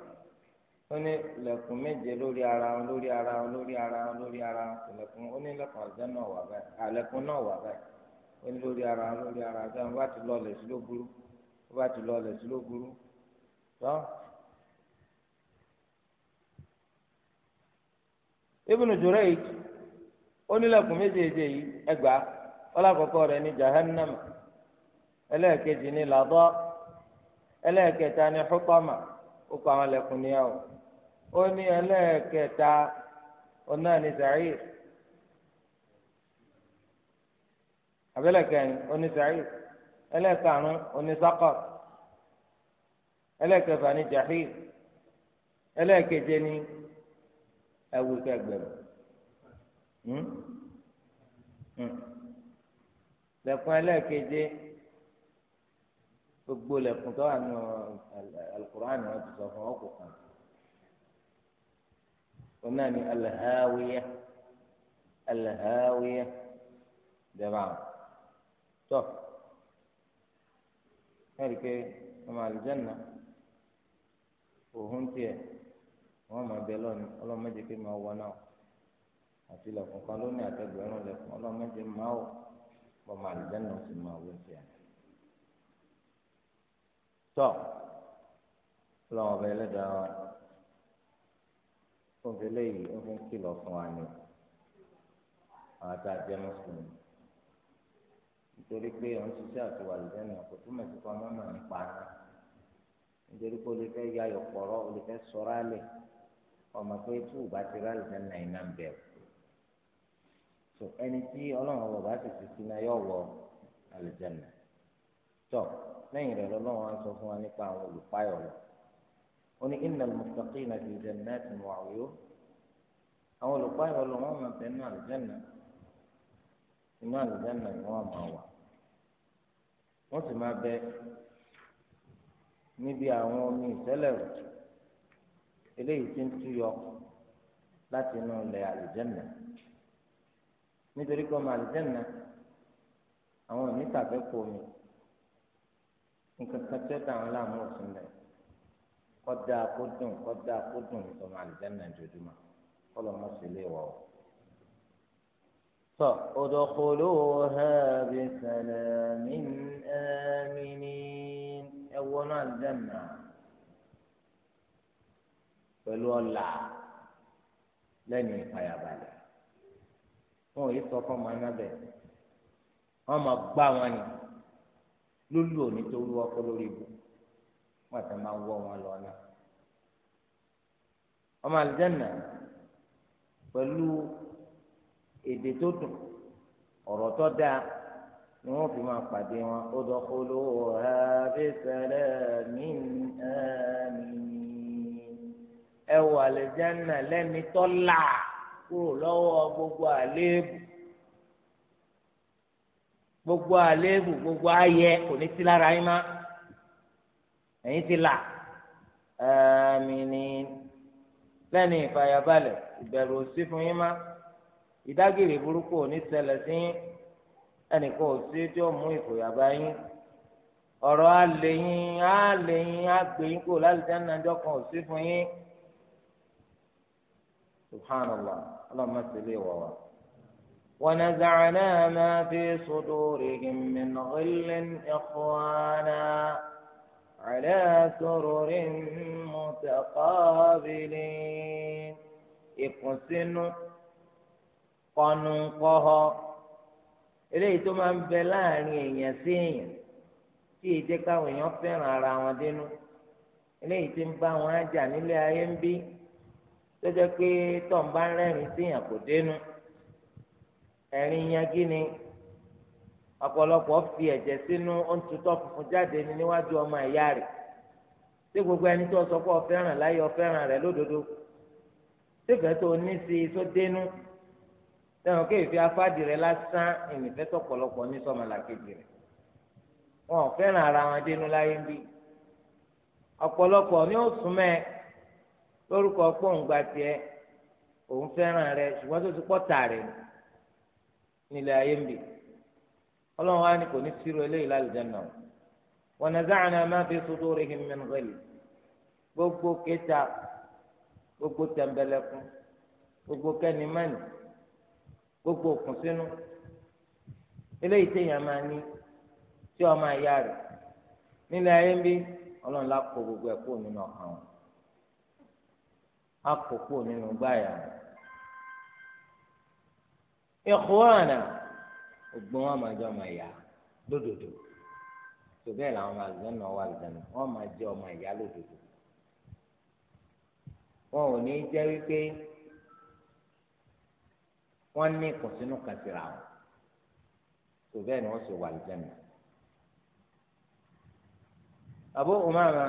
ó ní lẹ̀kùn méje lórí ara wọn lórí ara wọn lórí ara wọn lórí ara wọn lẹ̀kùn ó ní lẹ̀kùn àjẹ náà wà báyìí àlẹ̀kùn náà wà báyìí ó ní lórí ara wọn lórí ara wọn bá ti lọ ọlẹ̀ ló burú bá ti lọ ọlẹ̀ ló burú tó. Ibn Jurayj ó ní méjèèjì yìí ó ní ẹlẹ́ẹ̀kẹta ọ̀nà ní sa'ir abẹ́lẹ̀kẹrin oní sa'ir ẹlẹ́ẹ̀karùn-ún oní saqar ẹlẹ́ẹ̀kẹfà ní jahil ẹlẹ́ẹ̀keje ní ẹwù kẹgbẹ̀rún hmm? Hmm. lẹ́kùn ẹlẹ́ẹ̀keje gbogbo lẹ́kùn tó wà nù alukur'an ni wọ́n fún ọkùnrin. òun náà ní alhawiya alhawiya dẹ́gbà tọ́ ẹ̀rí pé ọmọ àlùjànnà òun tiẹ̀ wọ́n máa bẹ lọ́ni ọlọ́mọdé pé máa wọ náà àti ilẹ̀kùn kan lónìí àtẹ̀gbẹ̀rún lẹ̀kùn ọlọ́mọdé máa wọ̀ fún délé yìí ó fi ń kìlọ̀ fún wa ni àwọn tá a jẹ́ mùsùlùmí nítorí pé òun ṣiṣẹ́ àti wàlúùjẹ́ náà kò túmọ̀ sí kan mọ́mọ́ nípa náà nítorí pé olùfẹ́ ya yọ̀pọ̀rọ̀ olùfẹ́ sọ̀rọ̀ alẹ̀ ọmọ pé tí ò bá ti rà lùfẹ́ náà iná ń bẹ̀rù tó ẹni tí ọlọ́run ọ̀bọ̀ bá sì ti sí náà yọ̀ wọ àlùjẹ́ náà tó lẹ́yìn rẹ̀ lọ́lọ́run á sọ fún wa nípa àwọn olùpáyọ̀ lọ oní innal muttaqina fi jannatin wa uyun àwọn olùkọ́ ayọ̀ ló wọ́n máa bẹ̀rẹ̀ àlùjáná inú àlùjáná ni wọ́n máa wà wọ́n sì máa bẹ níbi àwọn omi ìtẹ́lẹ̀ rẹ̀ eléyìí ti ń túyọ láti inú ilẹ̀ àlùjáná nítorí pé ọmọ àlùjáná àwọn onítàfẹ́ kò omi nǹkan kan tẹ́ tàwọn láàmú òsùn lẹ́yìn kọ́dà kó dùn kọ́dà kó dùn ọmọ àlùjáná jòjúmọ́ kọ́lọ́ mọ́ sí ilé wọ̀ ọ́. tọ́ udkhuluha bi salamin aminin ẹ wọnú àlùjáná pẹ̀lú ọ̀la lẹ́nu ìpayàbalẹ̀ wọn ò yí sọ fún ọmọ anábẹ́ wọn máa gbá wọn ni lólu òní tó wúwọ́ kó lórí ibùkún wọn àti máa wọ wọn lọ náà ọmọ àlùjánnà pẹ̀lú èdè tó dùn ọ̀rọ̀ tó dáa ni wọ́n fi máa pàdé wọn ó dọ́kọ́ló ààbẹ̀ sẹ́lẹ̀ mí àmì ẹ wọ àlùjánnà lẹ́ni tó kúrò lọ́wọ́ gbogbo àléébù gbogbo àléébù gbogbo ayẹ kò ní sí lára yín máa ẹ̀yin ti là àmìnì lẹ́nu ìfàyàbalẹ̀ ìbẹ̀rù òsì fún yín má ìdágìrì burúkú ò ní ṣẹlẹ̀ sí yín ẹnìkan ò sí tí ó mú ìfòyàbá yín ọ̀rọ̀ alẹ́ yín alẹ́ yín agbè yín kúrò lálùjáde náà kan ò fún yín subhanallah ọlọ́run má ti wá. ونزعنا ما في صدورهم من غل إخوانا على سرر متقابلين ìkùnsínú kọnùkọhọ eléyìí tó máa ń bẹ láàrin èèyàn sí èèyàn tí èyí jẹ́ fẹ́ràn ara wọn dínú eléyìí tí ń bá wọn nílé ayé ń ọ̀pọ̀lọpọ̀ fi ẹ̀jẹ̀ sínú ọ̀ǹtutọ́ funfun jáde ní níwájú ọmọ ẹ̀yà rẹ̀ ṣé gbogbo ẹni tó sọ pé ọ̀fẹ́ràn láyé ọ̀fẹ́ràn rẹ̀ lódodo sífẹ̀ẹ́ tó ní sí i tó dénú sẹ́wọ̀n kéè fi afáàdì rẹ̀ lásán ìnìfẹ́ tọ̀pọ̀lọpọ̀ ní sọmọlàkejì rẹ̀ wọn ọ̀fẹ́ràn ara wọn dénú láyé ń bí ọ̀pọ̀lọpọ̀ ní òsùnmẹ́ lórúkọ pòǹgbà tiẹ̀ òun fẹ́ràn rẹ̀ ṣùgbọ́n tó ti pọ̀ tà rẹ̀ nílẹ̀ ayé ń bì ọlọ́run wa ni kò ní sírò eléyìí lálùjáná o wa naza'na ma fi sudurihim min ghil gbogbo kéta gbogbo tẹ̀mbẹ̀lẹ̀kùn gbogbo kẹ́nìmánì gbogbo òkùnsínú eléyìí téèyàn máa ní tí ọmọ àyà rẹ̀ nílẹ̀ ayé ń bí ọlọ́run la kó gbogbo ẹ̀ kúrò nínú ọkàn wọn a kó kúrò nínú gbáyà wọn. ikhwana gbọ́n wọn máa jẹ́ ọmọ ìyá lódodo tó bẹ́ẹ̀ làwọn ọmọ àlùjọ náà wà àlùjọ náà wọ́n máa jẹ́ ọmọ ìyá lódodo wọn ò ní jẹ́ wípé wọ́n ní ìkùnsínú kan síra wọn tó ni wọ́n sì wà àlùjọ náà. Abu Umama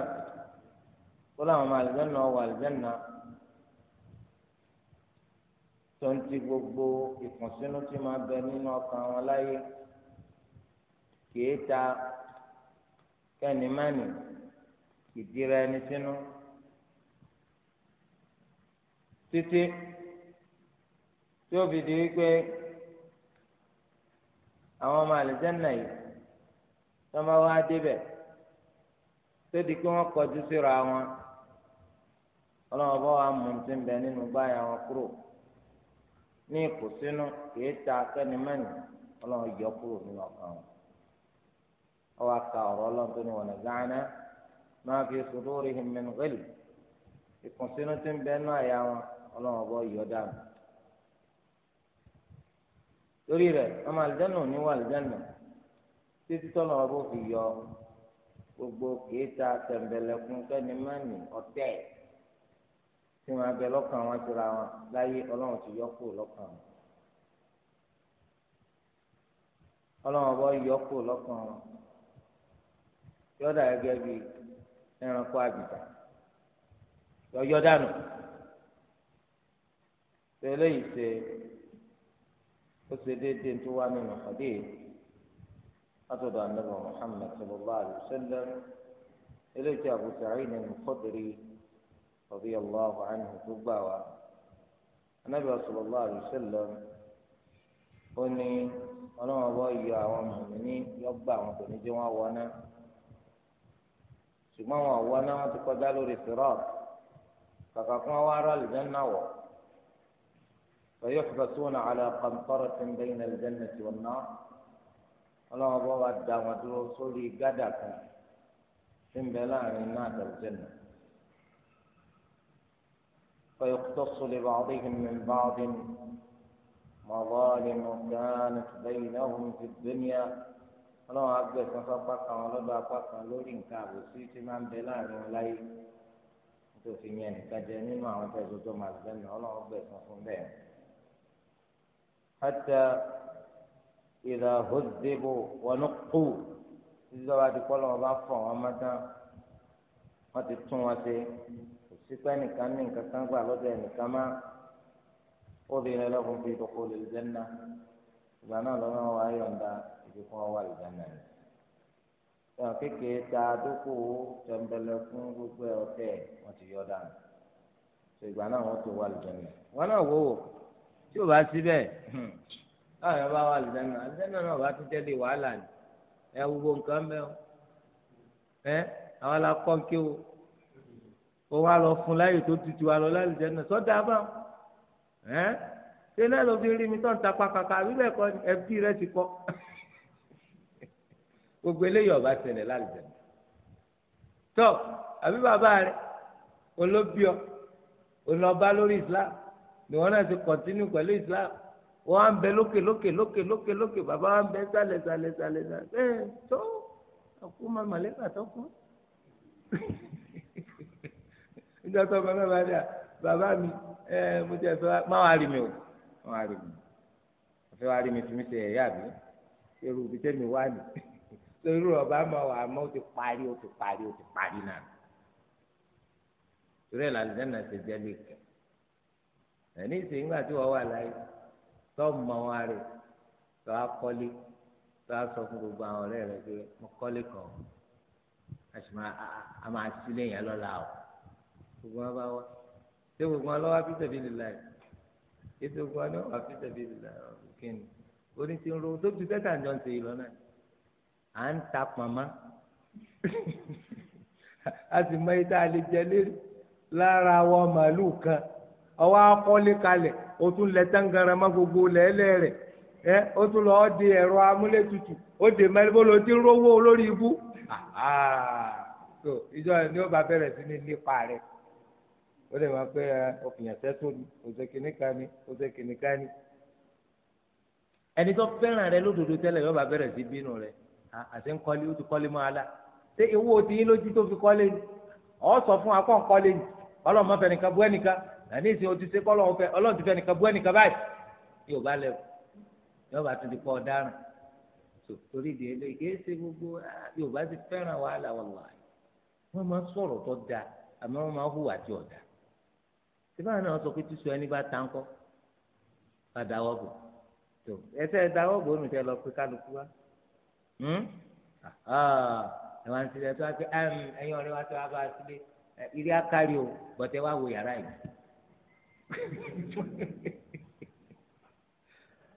wọ́n làwọn ọmọ àlùjọ náà wà àlùjọ tó ń ti gbogbo ìkùnsínú tí máa bẹ nínú ọkàn wọn láyé kìí ta kẹ́nìmánì ìdíra ẹni sínú títí tí ó fi di wípé àwọn ọmọ àlìjẹ́nà yìí tó máa wá débẹ̀ tó di pé wọ́n kọjú síra wọn ọlọ́wọ́ bá wà mú un ti bẹ nínú báyà wọn kúrò. ní ìkùnsínú kìí ta akẹ́ni mẹ́rin ọlọ́run yọ kúrò nínú ọkàn wọn. ọwọ́ aka ọ̀rọ̀ ọlọ́run tó ní wọn gánà máa fi sudurihim min ghil ìkùnsínú ti ń náà ya wọn ọlọ́run ọbọ̀ yọ dànù. torí rẹ̀ ọmọ àlùjáná ò ní wà títí tọ́lọ̀ ọbọ̀ fi yọ gbogbo kìí ta tẹ̀m̀bẹ̀lẹ̀kùn kẹ́ni tí wọn abẹ lọ́kàn wọn síra wọn láyé Ọlọ́run ti yọ kúrò lọ́kàn wọn Ọlọ́run ọbọ yọ kúrò lọ́kàn wọn yọdà gẹ́gẹ́ bíi ẹranko àgùntà yọyọ dànù tẹ́lẹ̀ yìí ṣe ó ṣe déédéé tó wá nínú ọdẹ látọ̀dọ̀ ànábì Muhammad sallallahu alaihi wasallam eléyìí tí Abu Sa'id al-Khudri radiyallahu anhu tó gbà wá anábì sallallahu alaihi wasallam ó ní ọlọ́run ọba yọ àwọn mùmíní yọgbà àwọn kò ní jẹ́ wọn wọ náà ṣùgbọ́n wọn wọ náà wọn ti kọjá lórí sirat kàkà kí wọn wá rà lìjánná wọ fayuhbasuna ala qantaratin bayna al-jannati wan-nar ọlọ́run ọba wa dá wọn dúró sórí gádà kan tí ń bẹ láàrin náà àtàlùjẹ́nà. فيقتص لبعضهم من بعض مظالم كانت بينهم في الدنيا ọlọ́run àgbẹ̀ kan fapá kan ọlọ́dọ̀ apá kan lórí nǹkan àbòsí tí máa ń bẹ láàrin wọn láyé nítorí fi yẹn nìkan jẹ nínú àwọn tẹ̀sán tó máa bẹ̀ ní ọlọ́run gbẹ̀ kan fún bẹ́ẹ̀. hátà ìlà hóṣèbò wọnú kù títí lọ́wọ́ adìpọ́ lọ́wọ́ bá fọ̀ wọ́n mọ́tán wọ́n ti tún wọn ṣe sípẹ́ nìkan ní nǹkan kan gbà lọ́dọ̀ ẹnìkan má ó di rẹ lọ́kùn fi ìdókò lè jẹ́nà ìgbà náà lọ́wọ́ wa yọ̀ǹda ìdíkùn ọwọ́ àlùjáná ni. ẹ̀wọ̀n kékeré ta dókòwò tẹ̀m̀bẹ̀lẹ̀ fún gbogbo ọ̀tẹ̀ wọn ti yọ dànù tó ìgbà náà wọn tó wà àlùjáná. wọn náà wò ó tí ò bá síbẹ̀ báwo ni wọn bá wà àlùjáná àlùjáná náà bá o wá lọ fún láyè tó tutù wa lọ lálùjẹ náà sọdá bá ẹ ṣé náà ló fi rí mi tán tapá kàkà àbí bẹ́ẹ̀ kọ́ ẹbí rẹ ti kọ́ gbogbo eléyìí ọba ṣẹlẹ̀ lálùjẹ tọ́ àbí bàbá rẹ olóbíọ olọba lórí Islam ni wọn náà ti kọ̀ntínú pẹ̀lú Islam wọn á ń bẹ lókè lókè lókè lókè lókè bàbá wa ń bẹ sálẹ̀ sálẹ̀ sálẹ̀ sálẹ̀ ẹ tó ọkùnrin màmá lẹ́ka tó kú. nígbà tó ọmọ náà bá dà bàbá mi ẹ mo ti ẹ̀fẹ́ má wàá rí mi o má wàá rí mi ọ̀fẹ́ wàá rí mi fi mi ṣe ẹ̀yà mi irú ibi tẹ́mi wá mi torí ọba máa wà mọ́ ó ti parí ó ti parí ó ti parí náà torí ẹ̀ làlùjá náà ṣe jẹ́ lè kẹ́ ẹ̀ ní ìsìn nígbà tí wọ́n wà láyé tó mọ wọn rẹ̀ tó á tó á fún gbogbo àwọn ọ̀rẹ́ rẹ̀ pé mo kọ́lé kan a sì máa a máa sílé yẹn lọ́la o gbogbo wọn bá wá ṣé gbogbo wọn lọ́wọ́ fi tẹ̀lé lè láì ṣé gbogbo wọn lọ́wọ́ fi tẹ̀lé lè láì kíni oní ti ń ro tó ti tẹ́tà jọ ń ṣe yìí lọ́nà à ń ta pàmà a sì mọ iye tá a lè jẹ lérí lára wa màálùú kan ọwọ́ akọ́lé kalẹ̀ o tún lẹ tangaran má gbogbo lẹ́lẹ́ rẹ̀ ẹ o tún lọ́ọ́ di ẹ̀rọ amúlétutù ó dè mẹ́rin bó ló ti rówó lórí ibú ìjọ ni ó bá bẹ̀rẹ̀ sí ní nípa rẹ̀ ó lè máa pé ọkùnrin àtẹ́tò ni òṣèkìní kan ni òṣèkìní kan ni. ẹni tó fẹ́ràn rẹ lódodo tẹ́lẹ̀ yóò bá bẹ̀rẹ̀ sí bínú rẹ àti ń kọ́lé ó ti kọ́lé mọ́ ala ṣé owó ti yín lójú tó fi kọ́lé ni ọ̀ sọ fún akọ́ kọ́lé ni ọlọ́run má fẹ́ nìkan bú ẹnìkan nàní ìsìn o ti ṣe kọ́ ọlọ́run fẹ́ ọlọ́run ti fẹ́ nìkan bú ẹnìkan báyìí yóò bá lẹ̀ yóò bá tún ti kọ́ ọ̀daràn torí ìdí eléyìí kì í ṣe wọn máa sọ̀rọ̀ hùwà tí ọ̀dà síbáà náà sọ pé tíṣu ẹni bá ta ń kọ́ bá dáwọ́ bò tó ẹsẹ̀ dáwọ́ bò nù tẹ́ lọ pé kálukú wa hmm? ẹ wá ń tilẹ̀ tó wá pé ẹ̀yin ọ̀rẹ́ wa tó wá bá a sílé ilé akárí o bọ̀tẹ́ wá wo yàrá yìí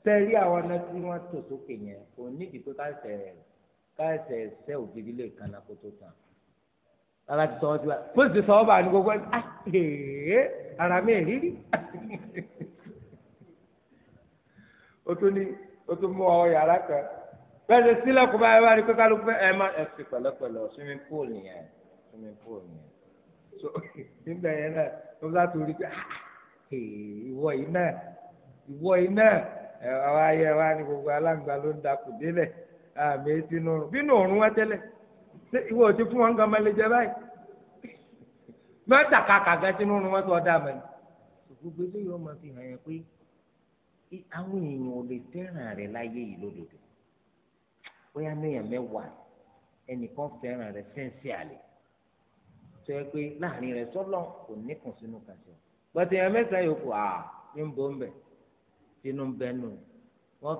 tẹ́rí àwọn ọ̀nà tí wọ́n tò sókè yẹn kò nídìí pé káṣẹ̀ káṣẹ̀ ṣẹ́ ògiri lè kan náà kó tó ti sọ ọ́ sí wa, bó sọ ọ́ bá ní gbogbo ẹ̀ ah, ara mi rírí o tún ní o tún mú ọ yàrá kan bẹ́ẹ̀ ṣe sílẹ̀ kó bá ẹ bá rí pé ẹ má ẹ sì pẹ̀lẹ́pẹ̀lẹ́ swimming pool yẹn swimming pool yẹn so nígbà yẹn náà ló bá tó rí pé ah, ìwọ yìí náà ìwọ yìí náà ẹ wá yẹ wá ní gbogbo aláǹgbá ló ń dakù délẹ̀ àmì etí nù bínú òórùn wá tẹ́lẹ̀ ìwọ ò ti fún wọn gan-an jẹ báyìí mẹ́ta kàkà gan sínú oorun mọ́tò ọ̀dà mẹ́ni. gbogbo eléyìí wọn máa fi hàn yẹn pé àwọn èèyàn ò lè fẹ́ràn rẹ láyé yìí lódodo bóyá lóyàn mẹ́wàá ẹnìkan fẹ́ràn rẹ fẹ́ǹsì àlè tó yẹ pé láàrin rẹ sọ́lọ́ kò níkùn sínú kàṣẹ. gbọ́dọ̀ èèyàn mẹ́sàn-án yòókù à ń bọ̀ ń bẹ̀ sínú ń wọ́n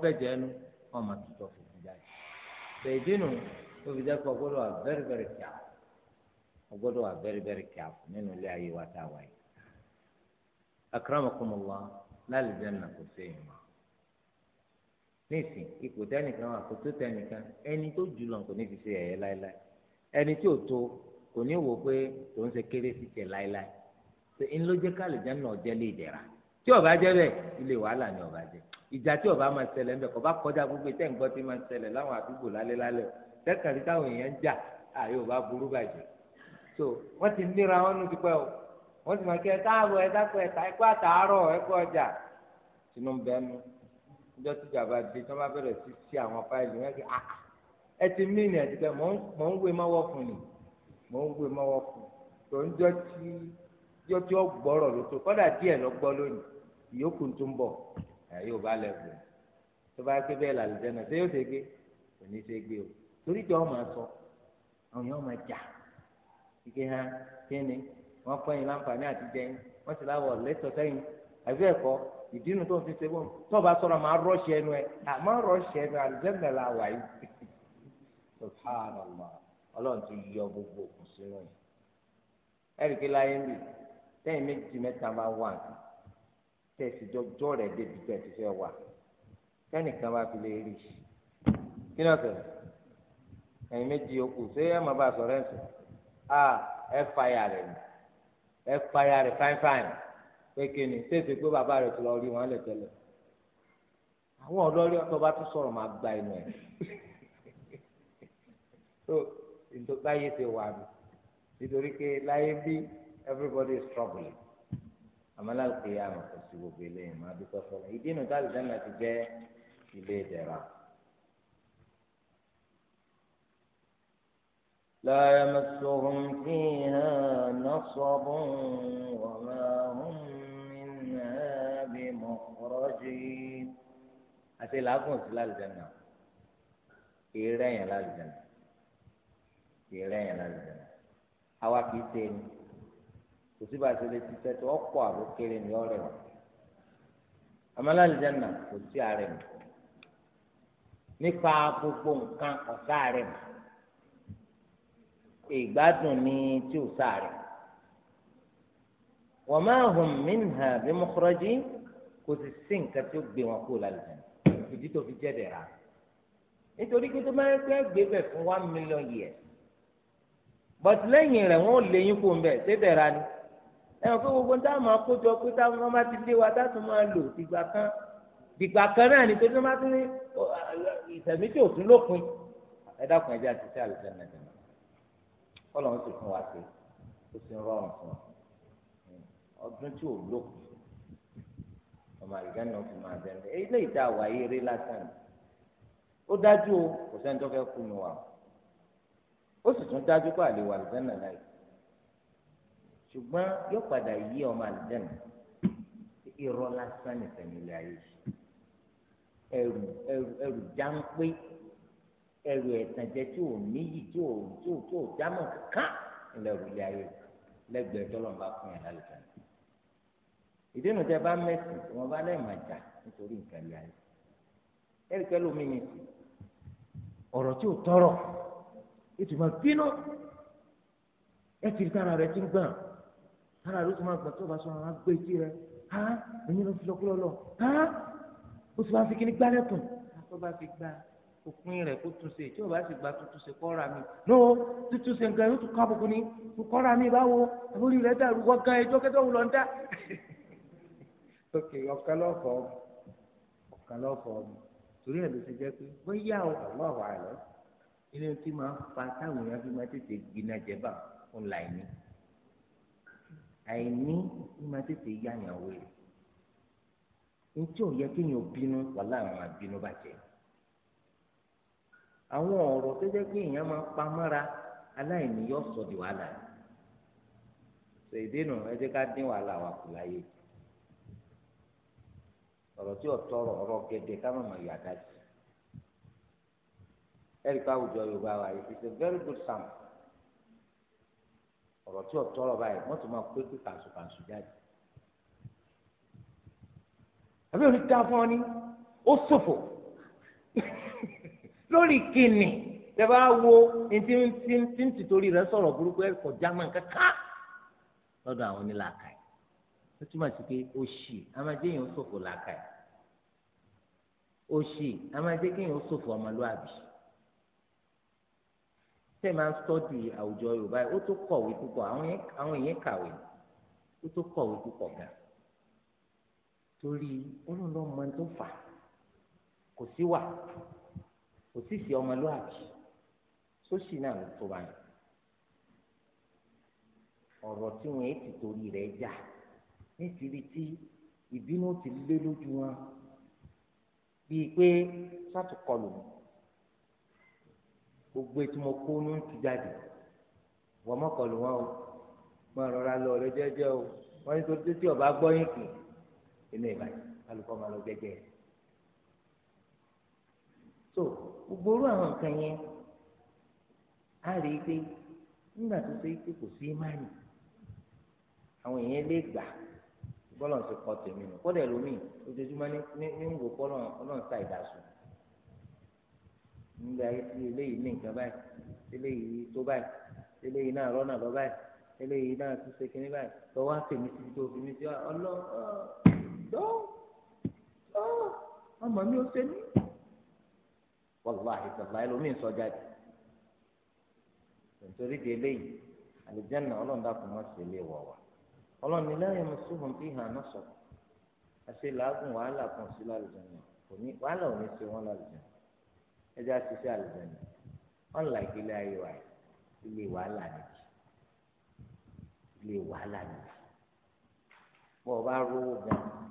fẹ́ jẹ́ nu wọ́n máa tutọ́ fún jáde. bẹ̀ẹ́dínù tó fi jẹ́ kọ́ o gbọ́dọ̀ wà very very careful nínú ilé ayé wa tá a wà yìí akramakumullah lálùjánnà kò sí èèyàn mọ́ nísìn ipò tẹnìkan wà kó tó tẹnìkan ẹni tó jùlọ kò ní fi ṣe ẹ̀yẹ láéláé ẹni tí ò tó kò ní wò pé tó ń ṣe kéré sí tẹ láéláé tó ń ló jẹ́ kálùjánnà ọ̀jẹ́ lè dẹ̀ra tí ó bá jẹ́ bẹ́ẹ̀ ilé wàhálà ni ó bá jẹ́ ìjà tí ó máa ṣẹlẹ̀ ńbẹ kò bá kọjá gbogbo tẹ́ ń gbọ́ tí máa ṣẹlẹ̀ láwọn àdúgbò lálẹ́ lálẹ́ o táwọn èèyàn ń jà àyè ò burú bàjẹ́ so wọ́n ti níra wọn nu tipẹ́ o wọ́n ti mọ̀ kí ẹ káàbọ̀ ẹ dákọ̀ ẹ ta ẹ kó àtàárọ̀ ẹ kó ọjà sínú bẹ́ẹ̀nu ọjọ́ tíjà bá dé tí wọ́n bá bẹ̀rẹ̀ sí sí àwọn fáìlì wọn kí ah, ah, ẹ ti mí ni ẹ ti kẹ mọ̀ ń wé mọ́wọ́ fún ni mọ̀ ń wé mọ́wọ́ fún tó ń jọ tí jọ tí ó gbọ́rọ̀ ló tó kọ́dà díẹ̀ lọ gbọ́ lónìí ìyókù tó ń bọ̀ ẹ yóò bá lẹ́gùn tó bá gbé bẹ́ẹ̀ làlùjẹ́ náà ṣé yóò ṣe gbé kò ní ṣe gbé o torí jọ ọ máa sọ àwọn yóò máa jà ike hàn kini, wọn pẹ́ yín láǹfààní àti jẹ́ yín wọ́n sì láwọ̀ lẹ́tọ̀ sẹ́yìn àbí ẹ̀kọ́ ìdínú tó ń fi ṣe bọ́ọ̀mù tó bá sọ̀rọ̀ máa rọ́ọ̀ṣì ẹnu ẹ̀ àmọ́ rọ́ọ̀ṣì ẹnu àlùjẹ́gbẹ̀ la wà yìí subhanallah ọlọ́run ti yọ gbogbo òkun sínú yìí ẹ̀rì kí láyé ń bì tẹ́yìn méjì mẹ́ta bá wà tẹ̀sí jọjọ́ rẹ̀ débi tẹ̀sí fẹ́ wà kẹ́nìkan bá fi lè rí i kí náà sọ̀rọ̀ ẹ̀yìn méjì yòókù ṣé ẹ̀ máa bá sọ̀rọ̀ ẹ̀ sọ̀rọ̀ a ẹ fàyà rẹ ẹ fàyà rẹ fáìfáì pé kíni tètè pé bàbá rẹ tó lọ rí wọn lè tẹlẹ àwọn ọ̀dọ́ rí ọtọ bá tún sọ̀rọ̀ máa gba ẹnu ẹ so ìdókòáyé ti wà mí nítorí pé láyé bí everybody is struggling àmàlà kìí àmọ̀ kò sí gbogbo eléyìí máa dúpẹ́ fọlọ́ ìdí inú táàlì dáná ti jẹ́ ilé ìdẹ̀ra. لا يمسهم فيها نصب وما هم منها بمخرجين àti làágùn sí lálùjáná eré yẹn lálùjáná eré yẹn lálùjáná àwa kìí ṣe ni kò sí bá a ṣe lè ti tẹ́tọ́ ọ̀pọ̀ àbókèrè ní ọ̀rẹ́ wa àmọ́ lálùjáná kò sí àárẹ̀ mi nípa gbogbo nǹkan ọ̀sá àárẹ̀ mi ìgbádùn ní tí ò sáré wa ma hum minha bi mukhrajin kò sì sí nǹkan tí ó gbé wọn kó lálẹ́ ìdí tó fi jẹ́ dẹ̀ra nítorí pé tó máa ń fẹ́ gbé bẹ̀ fún one million years but lẹ́yìn rẹ̀ wọ́n ò lè yín kó ń bẹ̀ ṣé dẹ̀ra ni ẹ̀wọ̀n pé gbogbo táwọn máa pé táwọn máa ti lé wa táwọn máa lò dìgbà kan dìgbà kan náà ni pé tó máa ti ní ìtẹ̀mí tí ò tún lópin ẹ̀dá kan ẹ̀jẹ̀ àti sí àlùfẹ́ nàìjíríà. Ọlọ́run sì fún wa ṣe ó sì ń rọrùn fún wa ọdún tí ò lókun ọmọ àlùjá náà fi máa bẹ ẹ ilé ìta wáyé eré lásán ó dájú o kò sẹ́ni tó fẹ́ kú nu wa ó sì tún dájú pé àlè wà àlùjá náà láì ṣùgbọ́n yóò padà yí ọmọ àlùjá irọ́ lásán nìkan nílé ayé ẹrù ẹrù ẹrù já ń pé ẹrù ẹ̀tànjẹ tí ò níyì tí ò tí ò tí ò jámọ̀ kankan ńlẹ̀rù ilé ayé lẹ́gbẹ̀ẹ́ tọ́lọ́mùbá fún yàrá lẹ́tàn. ìdí nu tẹ bá mẹ́sìn tí wọ́n bá lẹ́ẹ̀ máa jà nítorí nǹkan ilé ayé. ẹ̀rí pẹ́ lómi ni sí ọ̀rọ̀ tí ò tọrọ ìtumọ̀ bínú ẹ ti ká ara rẹ ti ń gbọ̀n ara rẹ ti máa gbọ̀n tó bá sọ àwọn agbé etí rẹ ha ẹ̀yin ló fi lọ́kúlọ́ lọ ha ó ti máa fi kíní gbálẹ̀ kùn àtọ́ bá fi gbá òpin rẹ̀ kó tún ṣe tí o bá sì gba tuntun ṣe kọ́ ra mi no tuntun ṣe nǹkan yóò tún kọ́ àbùkù ni tó kọ́ ra mi báwo àbúrò rẹ̀ dàrú wọ́n gan ẹjọ́ kẹ́tọ́ wù lọ ń dá. ok ọ̀kan lọ́fọ̀ ọ̀kan lọ́fọ̀ torí ẹ̀ ló ti jẹ́ pé bóyá o àwọn àwọn àlọ́ ilé tí máa ń fa táwọn èèyàn fi máa tètè gbiná jẹba ńlá ẹni àìní ní máa tètè yá àyàwó rẹ̀ ní tí ò yẹ kéèyàn bínú wàhálà àwọn àbínú bàjẹ́ àwọn ọ̀rọ̀ tó jẹ́ pé èèyàn máa pa mọ́ra aláìní yọ sọ di wàhálà ṣe ìdènà ẹ ká dín wàhálà wa kù láyé ọ̀rọ̀ tí ò tọrọ ọ̀rọ̀ gẹ́gẹ́ ká mọ̀ yàtá àwùjọ Yorùbá wa very good sound ọ̀rọ̀ tí ò tọrọ báyìí wọ́n máa pé kàṣù kàṣù jáde àbí òní fún ọ ní lórí kìnnì tẹ́bá wo ntí ntí ntí torí rẹ sọ̀rọ̀ burúkú ẹ̀ kọ̀ german kankan lọ́dọ̀ àwọn onílàákà yìí ó túmọ̀ sí pé ó ṣì amadé yẹn ó ṣòfò làákà yìí ó ṣì amadé yẹn ó ṣòfò ọmọlúwàbí tẹ́ máa ń sọ́ọ̀dì àwùjọ yorùbá yìí ó tó kọ̀wé púpọ̀ àwọn èèyàn kàwé ó tó kọ̀wé púpọ̀ gan torí ó lọ́ọ́ mọ tó fà kò sí wà kò sì sí ọmọlúwàbí sósì náà ló tó báyìí ọ̀rọ̀ tí wọ́n ti torí rẹ̀ jà nítorí tí ìbínú ti lé lójú wọn bíi pé sátùkọlù gbogbo ètò mo kó ní tu jáde wọ́n mọ́kànlù wọn o wọ́n rọra lọ ọ̀rẹ́ jẹ́jẹ́ o wọ́n ní torí tí ọba gbọ́ kì í inú ìbàdí alùpùpù ọmọ lọ jẹ́jẹ́ yẹn so gbogbo orú àwọn nǹkan yẹn á rí i pé nígbà tó ṣe pé kò sí ìmánì àwọn èèyàn lè gbà bọ́lọ̀ ti kọ́ tèmi nù kọ́dà lómi ojoojúmọ́ ní ní ń wò kọ́lọ̀ ọlọ́run ta ìdásùn nígbà tí eléyìí ní nǹkan báyìí eléyìí tó báyìí eléyìí náà rọ́nà lọ báyìí eléyìí náà tún ṣe kínní báyìí tọ́wọ́ àtẹ̀mí síbi tó fi mí sí ọlọ́ọ̀ ọmọ mi ò ṣe mí wàláhi tàlá ẹlòmíì sọ jáde nítorí di eléyìí àlùjánnà ọlọ́run dàpọ̀ mọ́ sí ilé wọ̀ wá ọlọ́run ní lẹ́yìn mùsùlùmí bí hàn náà sọ àṣẹ làágùn wàhálà kan sí lálùjánnà òní wàhálà òní ṣe wọn lálùjánnà ẹjẹ́ àṣìṣe àlùjánnà unlike ilé ayé wa ilé wàhálà nìyí ilé wàhálà nìyí bọ́ọ̀ bá rówó gan-an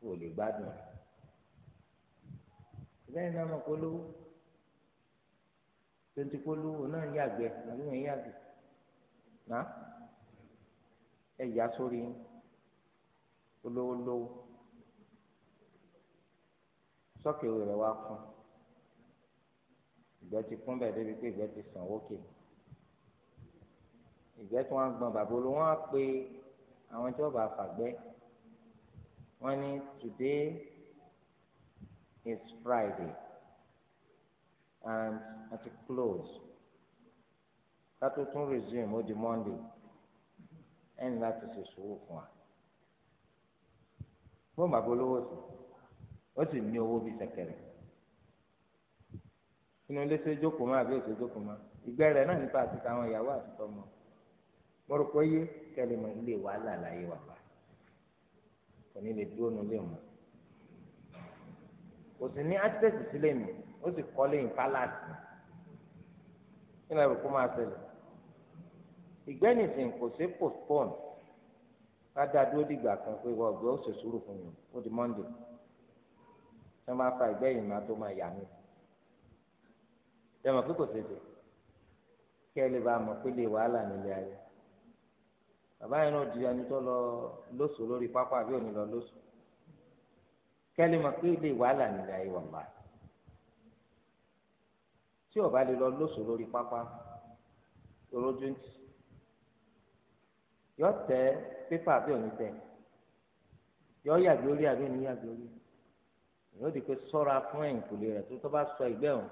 kò lè gbádùn rẹ̀ lẹ́yìn náà mọ̀ polówó tonti polówó náà ń yàgbẹ́ àbí wọ́n ń yàgbẹ́ náà ẹ yà sórí olówó lówó sọ́kèwé rẹ̀ wá fún ìgbẹ́ ti kún bẹ́ẹ̀ débi pé ìgbẹ́ ti sàn wókè ìgbẹ́ tí wọ́n gbọ́n bàbá olówó wọn pe àwọn tí wọ́n bá fàgbẹ́ wọ́n ní today. is Friday and at a close kátó tún resume ó di Monday ẹni láti ṣe sùúrù fún wa fún bàbá inú ilé ṣe jókòó jókòó náà nípa àwọn ìyàwó yé ilé wàhálà láyé kò ní lè dúró nílé kò sì ní access sílé mi ó sì kọ́lé in palace kí ni ẹ̀rù kó máa ṣẹlẹ̀ ìgbẹ́nìsìn kò sí postpone kájà dúró dìgbà kan pé wọ́n gbé ó sì sùúrù fún mi ó di monday tí wọ́n bá fa ìgbẹ́yìn máa tó máa yà mí tẹ̀mọ̀ pé kò ṣèṣe kí ẹ lè bá a mọ̀ pé lè wàhálà nílé ayé bàbá yẹn náà di ẹni tó lọ lóṣù lórí pápá àbí òní lọ lóṣù kẹ́lí mọ̀ pé ilé wàhálà nílẹ̀ ayé wà má tí ọba lè lọ lóṣù lórí pápá lórójú ntì yọ tẹ pépà àbí òní tẹ yọ yàgbé orí àbí òní yàgbé orí ìyóò di pé sọ́ra fún ẹ̀yìnkùlé rẹ̀ tó tó bá sọ ìgbẹ́ òun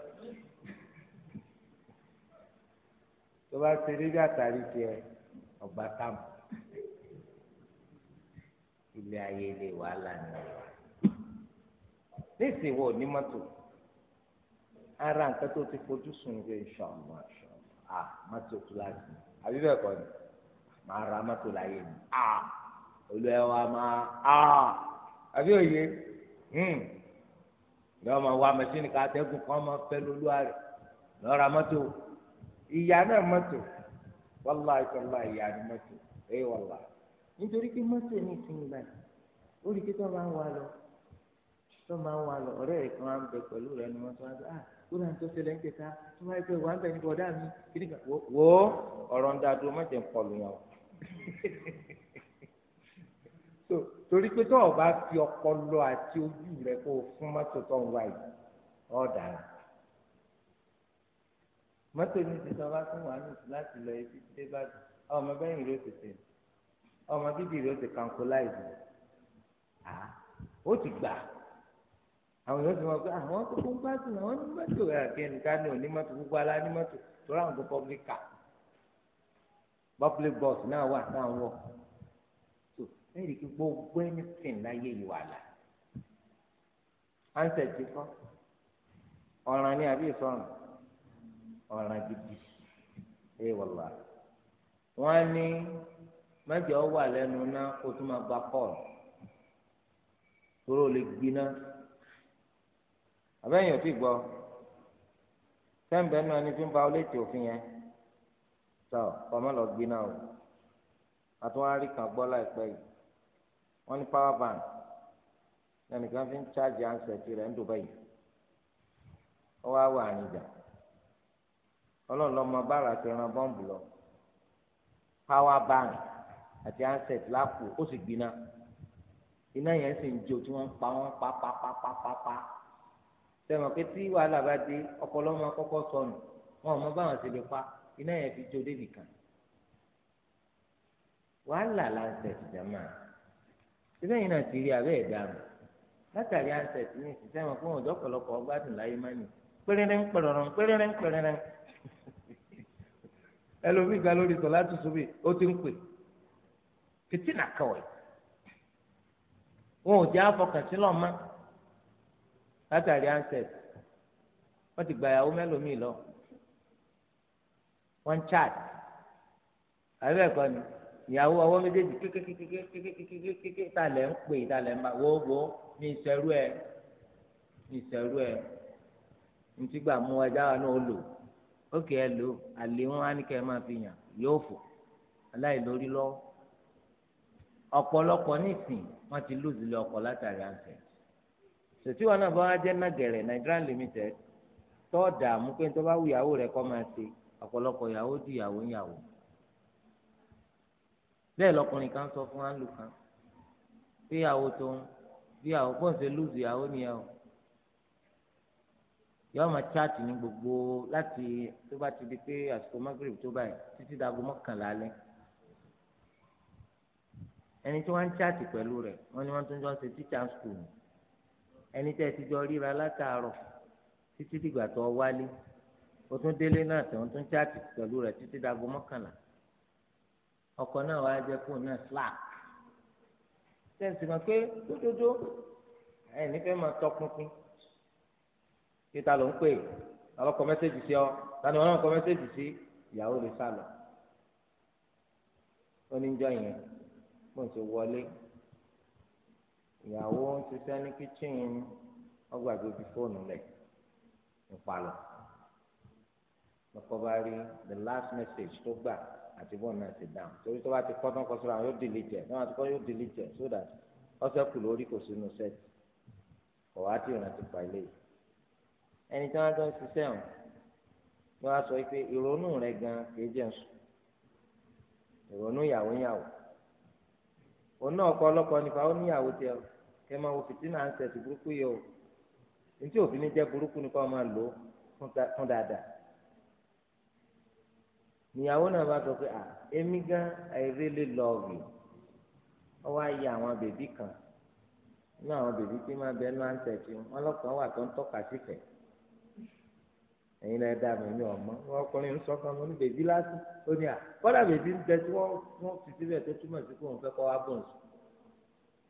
tó bá ti rí àtàrí tiẹ̀ ọgbà táàmù ilé ayé ilé wàhálà nílẹ̀ níìsì wo ní mọ́tò ara nǹkan tó ti fojú sùn ṣe ṣọ̀mọ̀ ṣọ̀mọ̀ à mọ́tò kíláàsì àbí bẹ́ẹ̀ kọ́ ni màá ra mọ́tò láyé mi à ah, olùwẹ̀wà máa à ah, àbí òye lọ́wọ́ hmm. máa wá mẹ́sìnì ká tẹ́gùn kan máa fẹ́ lólúwa rẹ̀ lọ́ọ́ ra mọ́tò ìyá náà mọ́tò wàllá ìsọ̀lá ìyá ni mọ́tò ẹ̀ eh, wàllá nítorí pé mọ́tò ní ìsinmi báyìí ó rí i tó máa ń wá lọ tó máa ń wà lọ ọ̀rẹ́ rẹ̀ kan á ń bẹ pẹ̀lú rẹ̀ ni wọ́n tó wá sọ ah kúrò àti ọ̀sẹ̀ lẹ́ńkẹta tó máa ń pẹ́ wà ń bẹ nípa ọ̀dà mi kiri kan wo ọ̀rọ̀ ń da dúró má jẹ́ nkọlù yẹn o torí pé tó o bá fi ọpọlọ àti ojú rẹ kó o fún mọ́tò tó ń wá yìí ọ̀ dára mọ́tò ní ti sọ bá fún wa ní láti lọ ibi dé bá ọmọ bẹ́yìn ló ti tẹ̀ ọmọ bíbí rẹ̀ ó ti kankuláìdì ó àwọn yóò fi wọn pé ah, àwọn tó fún pátì àwọn ní mọ́tò ẹnìkan ní onímọ́tò gbogbo alá ní mọ́tò tó rà wọn public car public bus náà wà táwọn wọ tó lẹ́yìn kí gbogbo anything láyé ìwà là ansẹ̀ ti kọ́ ọ̀ràn ni àbí ìsọ̀ràn ọ̀ràn gidi ẹ wọ̀lá wọn ní mẹ́jọ wà lẹnu náà kó tó máa gba kọ́ọ̀lù tó lè gbiná. àbẹ́yìn ò tí gbọ́ sẹ́ńbẹ́ náà ni fi ń ba ọ létí òfin yẹn tó ọmọ lọ gbin náà o àtúwárí kan gbọ́ láìpẹ́ yìí wọ́n ní power bank ẹnìkan fi ń chájì ansẹ̀tì rẹ̀ ń Dubai ó wá wà níjà ọlọ́run lọ́mọ bára ti ran bọ́ǹbù lọ power bank àti ansẹ̀tì lápò ó sì gbiná iná yẹn sì ń jó tí wọ́n ń pa wọ́n pa pa pa pa pa pa. pa sẹ́wọ̀n pé tí wàhálà bá dé ọpọlọ máa kọ́kọ́ sọnù wọn ò mọ báwọn ṣe lè pa iná yẹn fi jó débì kan wàhálà lancet jama síbẹ̀ yìí náà ti rí abẹ́ ẹ̀dá mi látàrí lancet ní ìsìsẹ́ wọn fún ọjọ́ ọ̀pọ̀lọpọ̀ ọgbádùn láyé má ẹlòmíì látàrí ansẹt wọ́n ti gbàyàwó mẹ́lòmíì lọ wọ́n chat àbí ẹ̀kọ́ ni ìyàwó ọwọ́ méjèèjì kékékékékékékékékéké ta lẹ̀ ń pè ta lẹ̀ ń bá wo wo ní ìṣẹ́rú ẹ̀ ní ìṣẹ́rú ẹ̀ ntí gbà mú ẹja wa náà ó lò ókè ẹ lò àlè wọn á ní kẹ́ ẹ máa fi yàn yóò fò aláìlórí lọ́wọ́ ọ̀pọ̀lọpọ̀ nísìn wọ́n ti lùzìlẹ̀ ọkọ̀ látàrí àǹfẹ̀ sètí wọn náà bá wá jẹ́ nàgẹ̀rẹ̀ Nigerian limited tọ́ dààmú pé tó bá wù ìyàwó rẹ̀ kọ́ máa ṣe ọ̀pọ̀lọpọ̀ ìyàwó di ìyàwó ìyàwó bẹ́ẹ̀ lọkùnrin kan sọ fún alu kan bí ìyàwó tó ń bí ìyàwó pọ̀ ń ṣe lùzù ìyàwó nìyẹn o yọọ ma chaati ní gbogbo láti tó bá ti di pé àsìkò magreth tó báyìí títí dago mọ́kànlá alẹ́ ẹni tí wọ́n ń chaati pẹ̀lú rẹ̀ wọ́n ní wọ́n tún jọ ṣe teacher school ẹni tẹ́ ẹ ti jọ ríra látàárọ̀ títí dìgbà tó wálé o tún délé náà tẹ̀wọ́n tún chaàtì pẹ̀lú rẹ̀ títí dago mọ́kànlá ọkọ̀ náà wàá jẹ́ fóun náà slack tẹ̀sí mọ̀ pé dódódó ẹ̀ nífẹ̀ẹ́ máa tọpinpin kíta ló ń pè ọlọ́kọ mẹ́sẹ̀jì sí ọ tani wọn náà kọ mẹ́sẹ̀jì sí ìyàwó rẹ̀ sálọ oníjọ yẹn mo ti wọlé ìyàwó ń ṣiṣẹ́ ní kíchìn ọgbàgbé fi fóònù lẹ̀ ìpalọ̀ lọ́kọ́ bá rí the last message tó gbà àti bọ́ọ̀ náà ti dáhùn torí tó bá ti kọ́ tán kọ́ sọ́ra yóò delete ẹ̀ náà ti kọ́ yóò delete ẹ̀ so that ọ̀sẹ̀ kù lórí kò sínú sẹ́ẹ̀tì ọ̀wá tí ìrántí pa ilé yìí ẹni tí wọ́n jọ ń ṣiṣẹ́ hàn ni wọ́n á sọ pé ìrònú rẹ̀ gan kìí jẹ́ sùn ìrònú ìyàwó ìyàwó òun náà kọ́ ọlọ́kọ nípa ó níyàwó tiẹ̀ o kẹ máa wo fìtínà à ń sẹ̀tì burúkú yẹ o ntí òfin ní jẹ́ burúkú ni kó o máa lò ó fún dáadáa níyàwó náà bá sọ pé à èmi gan I really love you ọ wá yẹ àwọn bèbí kan nínú àwọn bèbí tí máa bẹ lọ́wọ́ à ń sẹ̀tì wọn lọ́kàn wà tó ń tọ́ka sífẹ̀ẹ́ ẹ̀yin lẹ dá mi ní ọmọ ọkùnrin ń sọkàn mo ní bèbí lásán ó ní à kọ́dà bèbí ń bẹ tí wọ́n fi síbẹ̀ tó túmọ̀ sí kó òun fẹ́ kọ́ wá bọ̀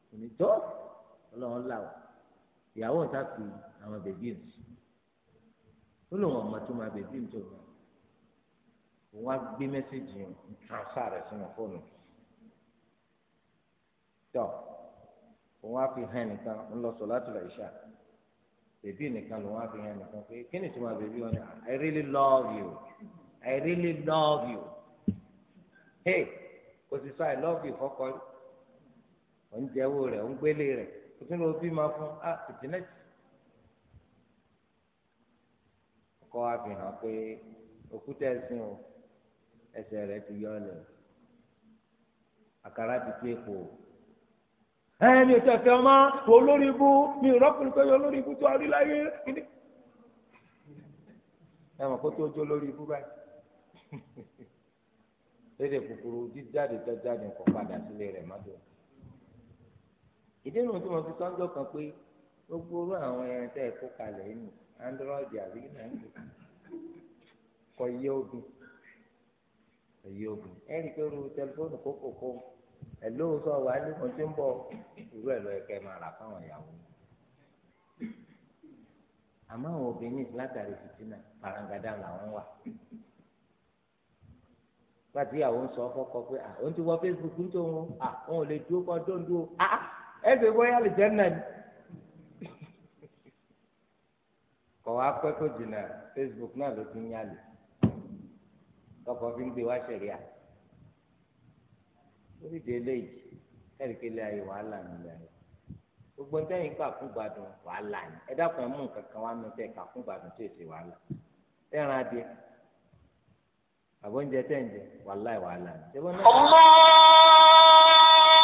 sùn òní ọlọ́run là wá ìyàwó ń sàfi àwọn bèbí ń sùn ó lóun ọmọ tó máa bèbí ń tó wọn òun á gbé mẹ́sẹ̀gì ń transfer rẹ̀ sínú fóònù tọ́ òun á fi hàn nìkan ń lọ sọ láti lọ ìṣá bèbí nìkan lòun á fi hàn nìkan pé kí ni tó máa bèbí wọn ni I really love you I really love you hey kò sì sọ I love you fọkọ oúnjẹ wo rẹ̀ oúnjẹlé rẹ̀ òtún ló bí máa fún a tìtìnẹ́tì kọ́ àfihàn pé òkúta ẹ̀sìn o ẹsẹ̀ rẹ̀ ti yọ ọ́lẹ̀ àkàrà ti tú èkó ẹ mi ò tẹ̀sẹ̀ ọmọ wò lórí ibú mi ò rọ́pùnrin pé yọ lórí ibú tó a rí láyé kíní ẹ mọ̀ kó tó jó lórí ibú báyìí lédè kúkúrú jíjáde tó jáde kó padà sílé rẹ̀ má dùn ìdí nu tí mo fi tọ́jọ́ kan pé gbogbo orú àwọn ẹran tẹ́ ẹ kó kalẹ̀ nù android àbí nàìjíríà kọ iye ogun kọ iye ogun ẹ rí i pé ru tẹlifóònù kókòkò ẹ lóòótọ́ wà á nígbà tí ń bọ̀ irú ẹ̀ lọ ẹ̀kẹ́ máa rà fáwọn ìyàwó àmọ́ àwọn obìnrin látàrí fìtínà parangada làwọn wà gbàtí ìyàwó ń sọ fọ́kọ pé à ó ti wọ Facebook ń tó wọn à òun ò lè dúró kọ́ dóńdó à ẹsẹ bóyá àlùjánnà ni kọ wá pẹ́ kó jìnnà facebook náà ló ti ń yálè tọkọ fi ń gbé wá ṣẹlẹ̀ à oríṣi eléyìí ẹrìkẹlẹ ayé wàhálà nílẹ̀ ayé gbogbo ń tẹ̀yìn kà fún gbádùn wàhálà ni ẹ dákun ẹ mú nǹkan kan wá nu tẹ kà fún gbádùn tó èsì wàhálà tẹran adìẹ àbọ̀njẹ tẹ̀ ń jẹ wàhálà wàhálà ni.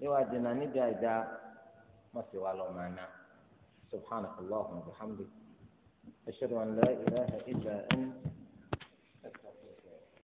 níwà dènà níbi àìdá mọ̀sí wa lọ́ọ́ máa ná subhanahu wa ta'ala wa bihamdi an la ilaha illa anta.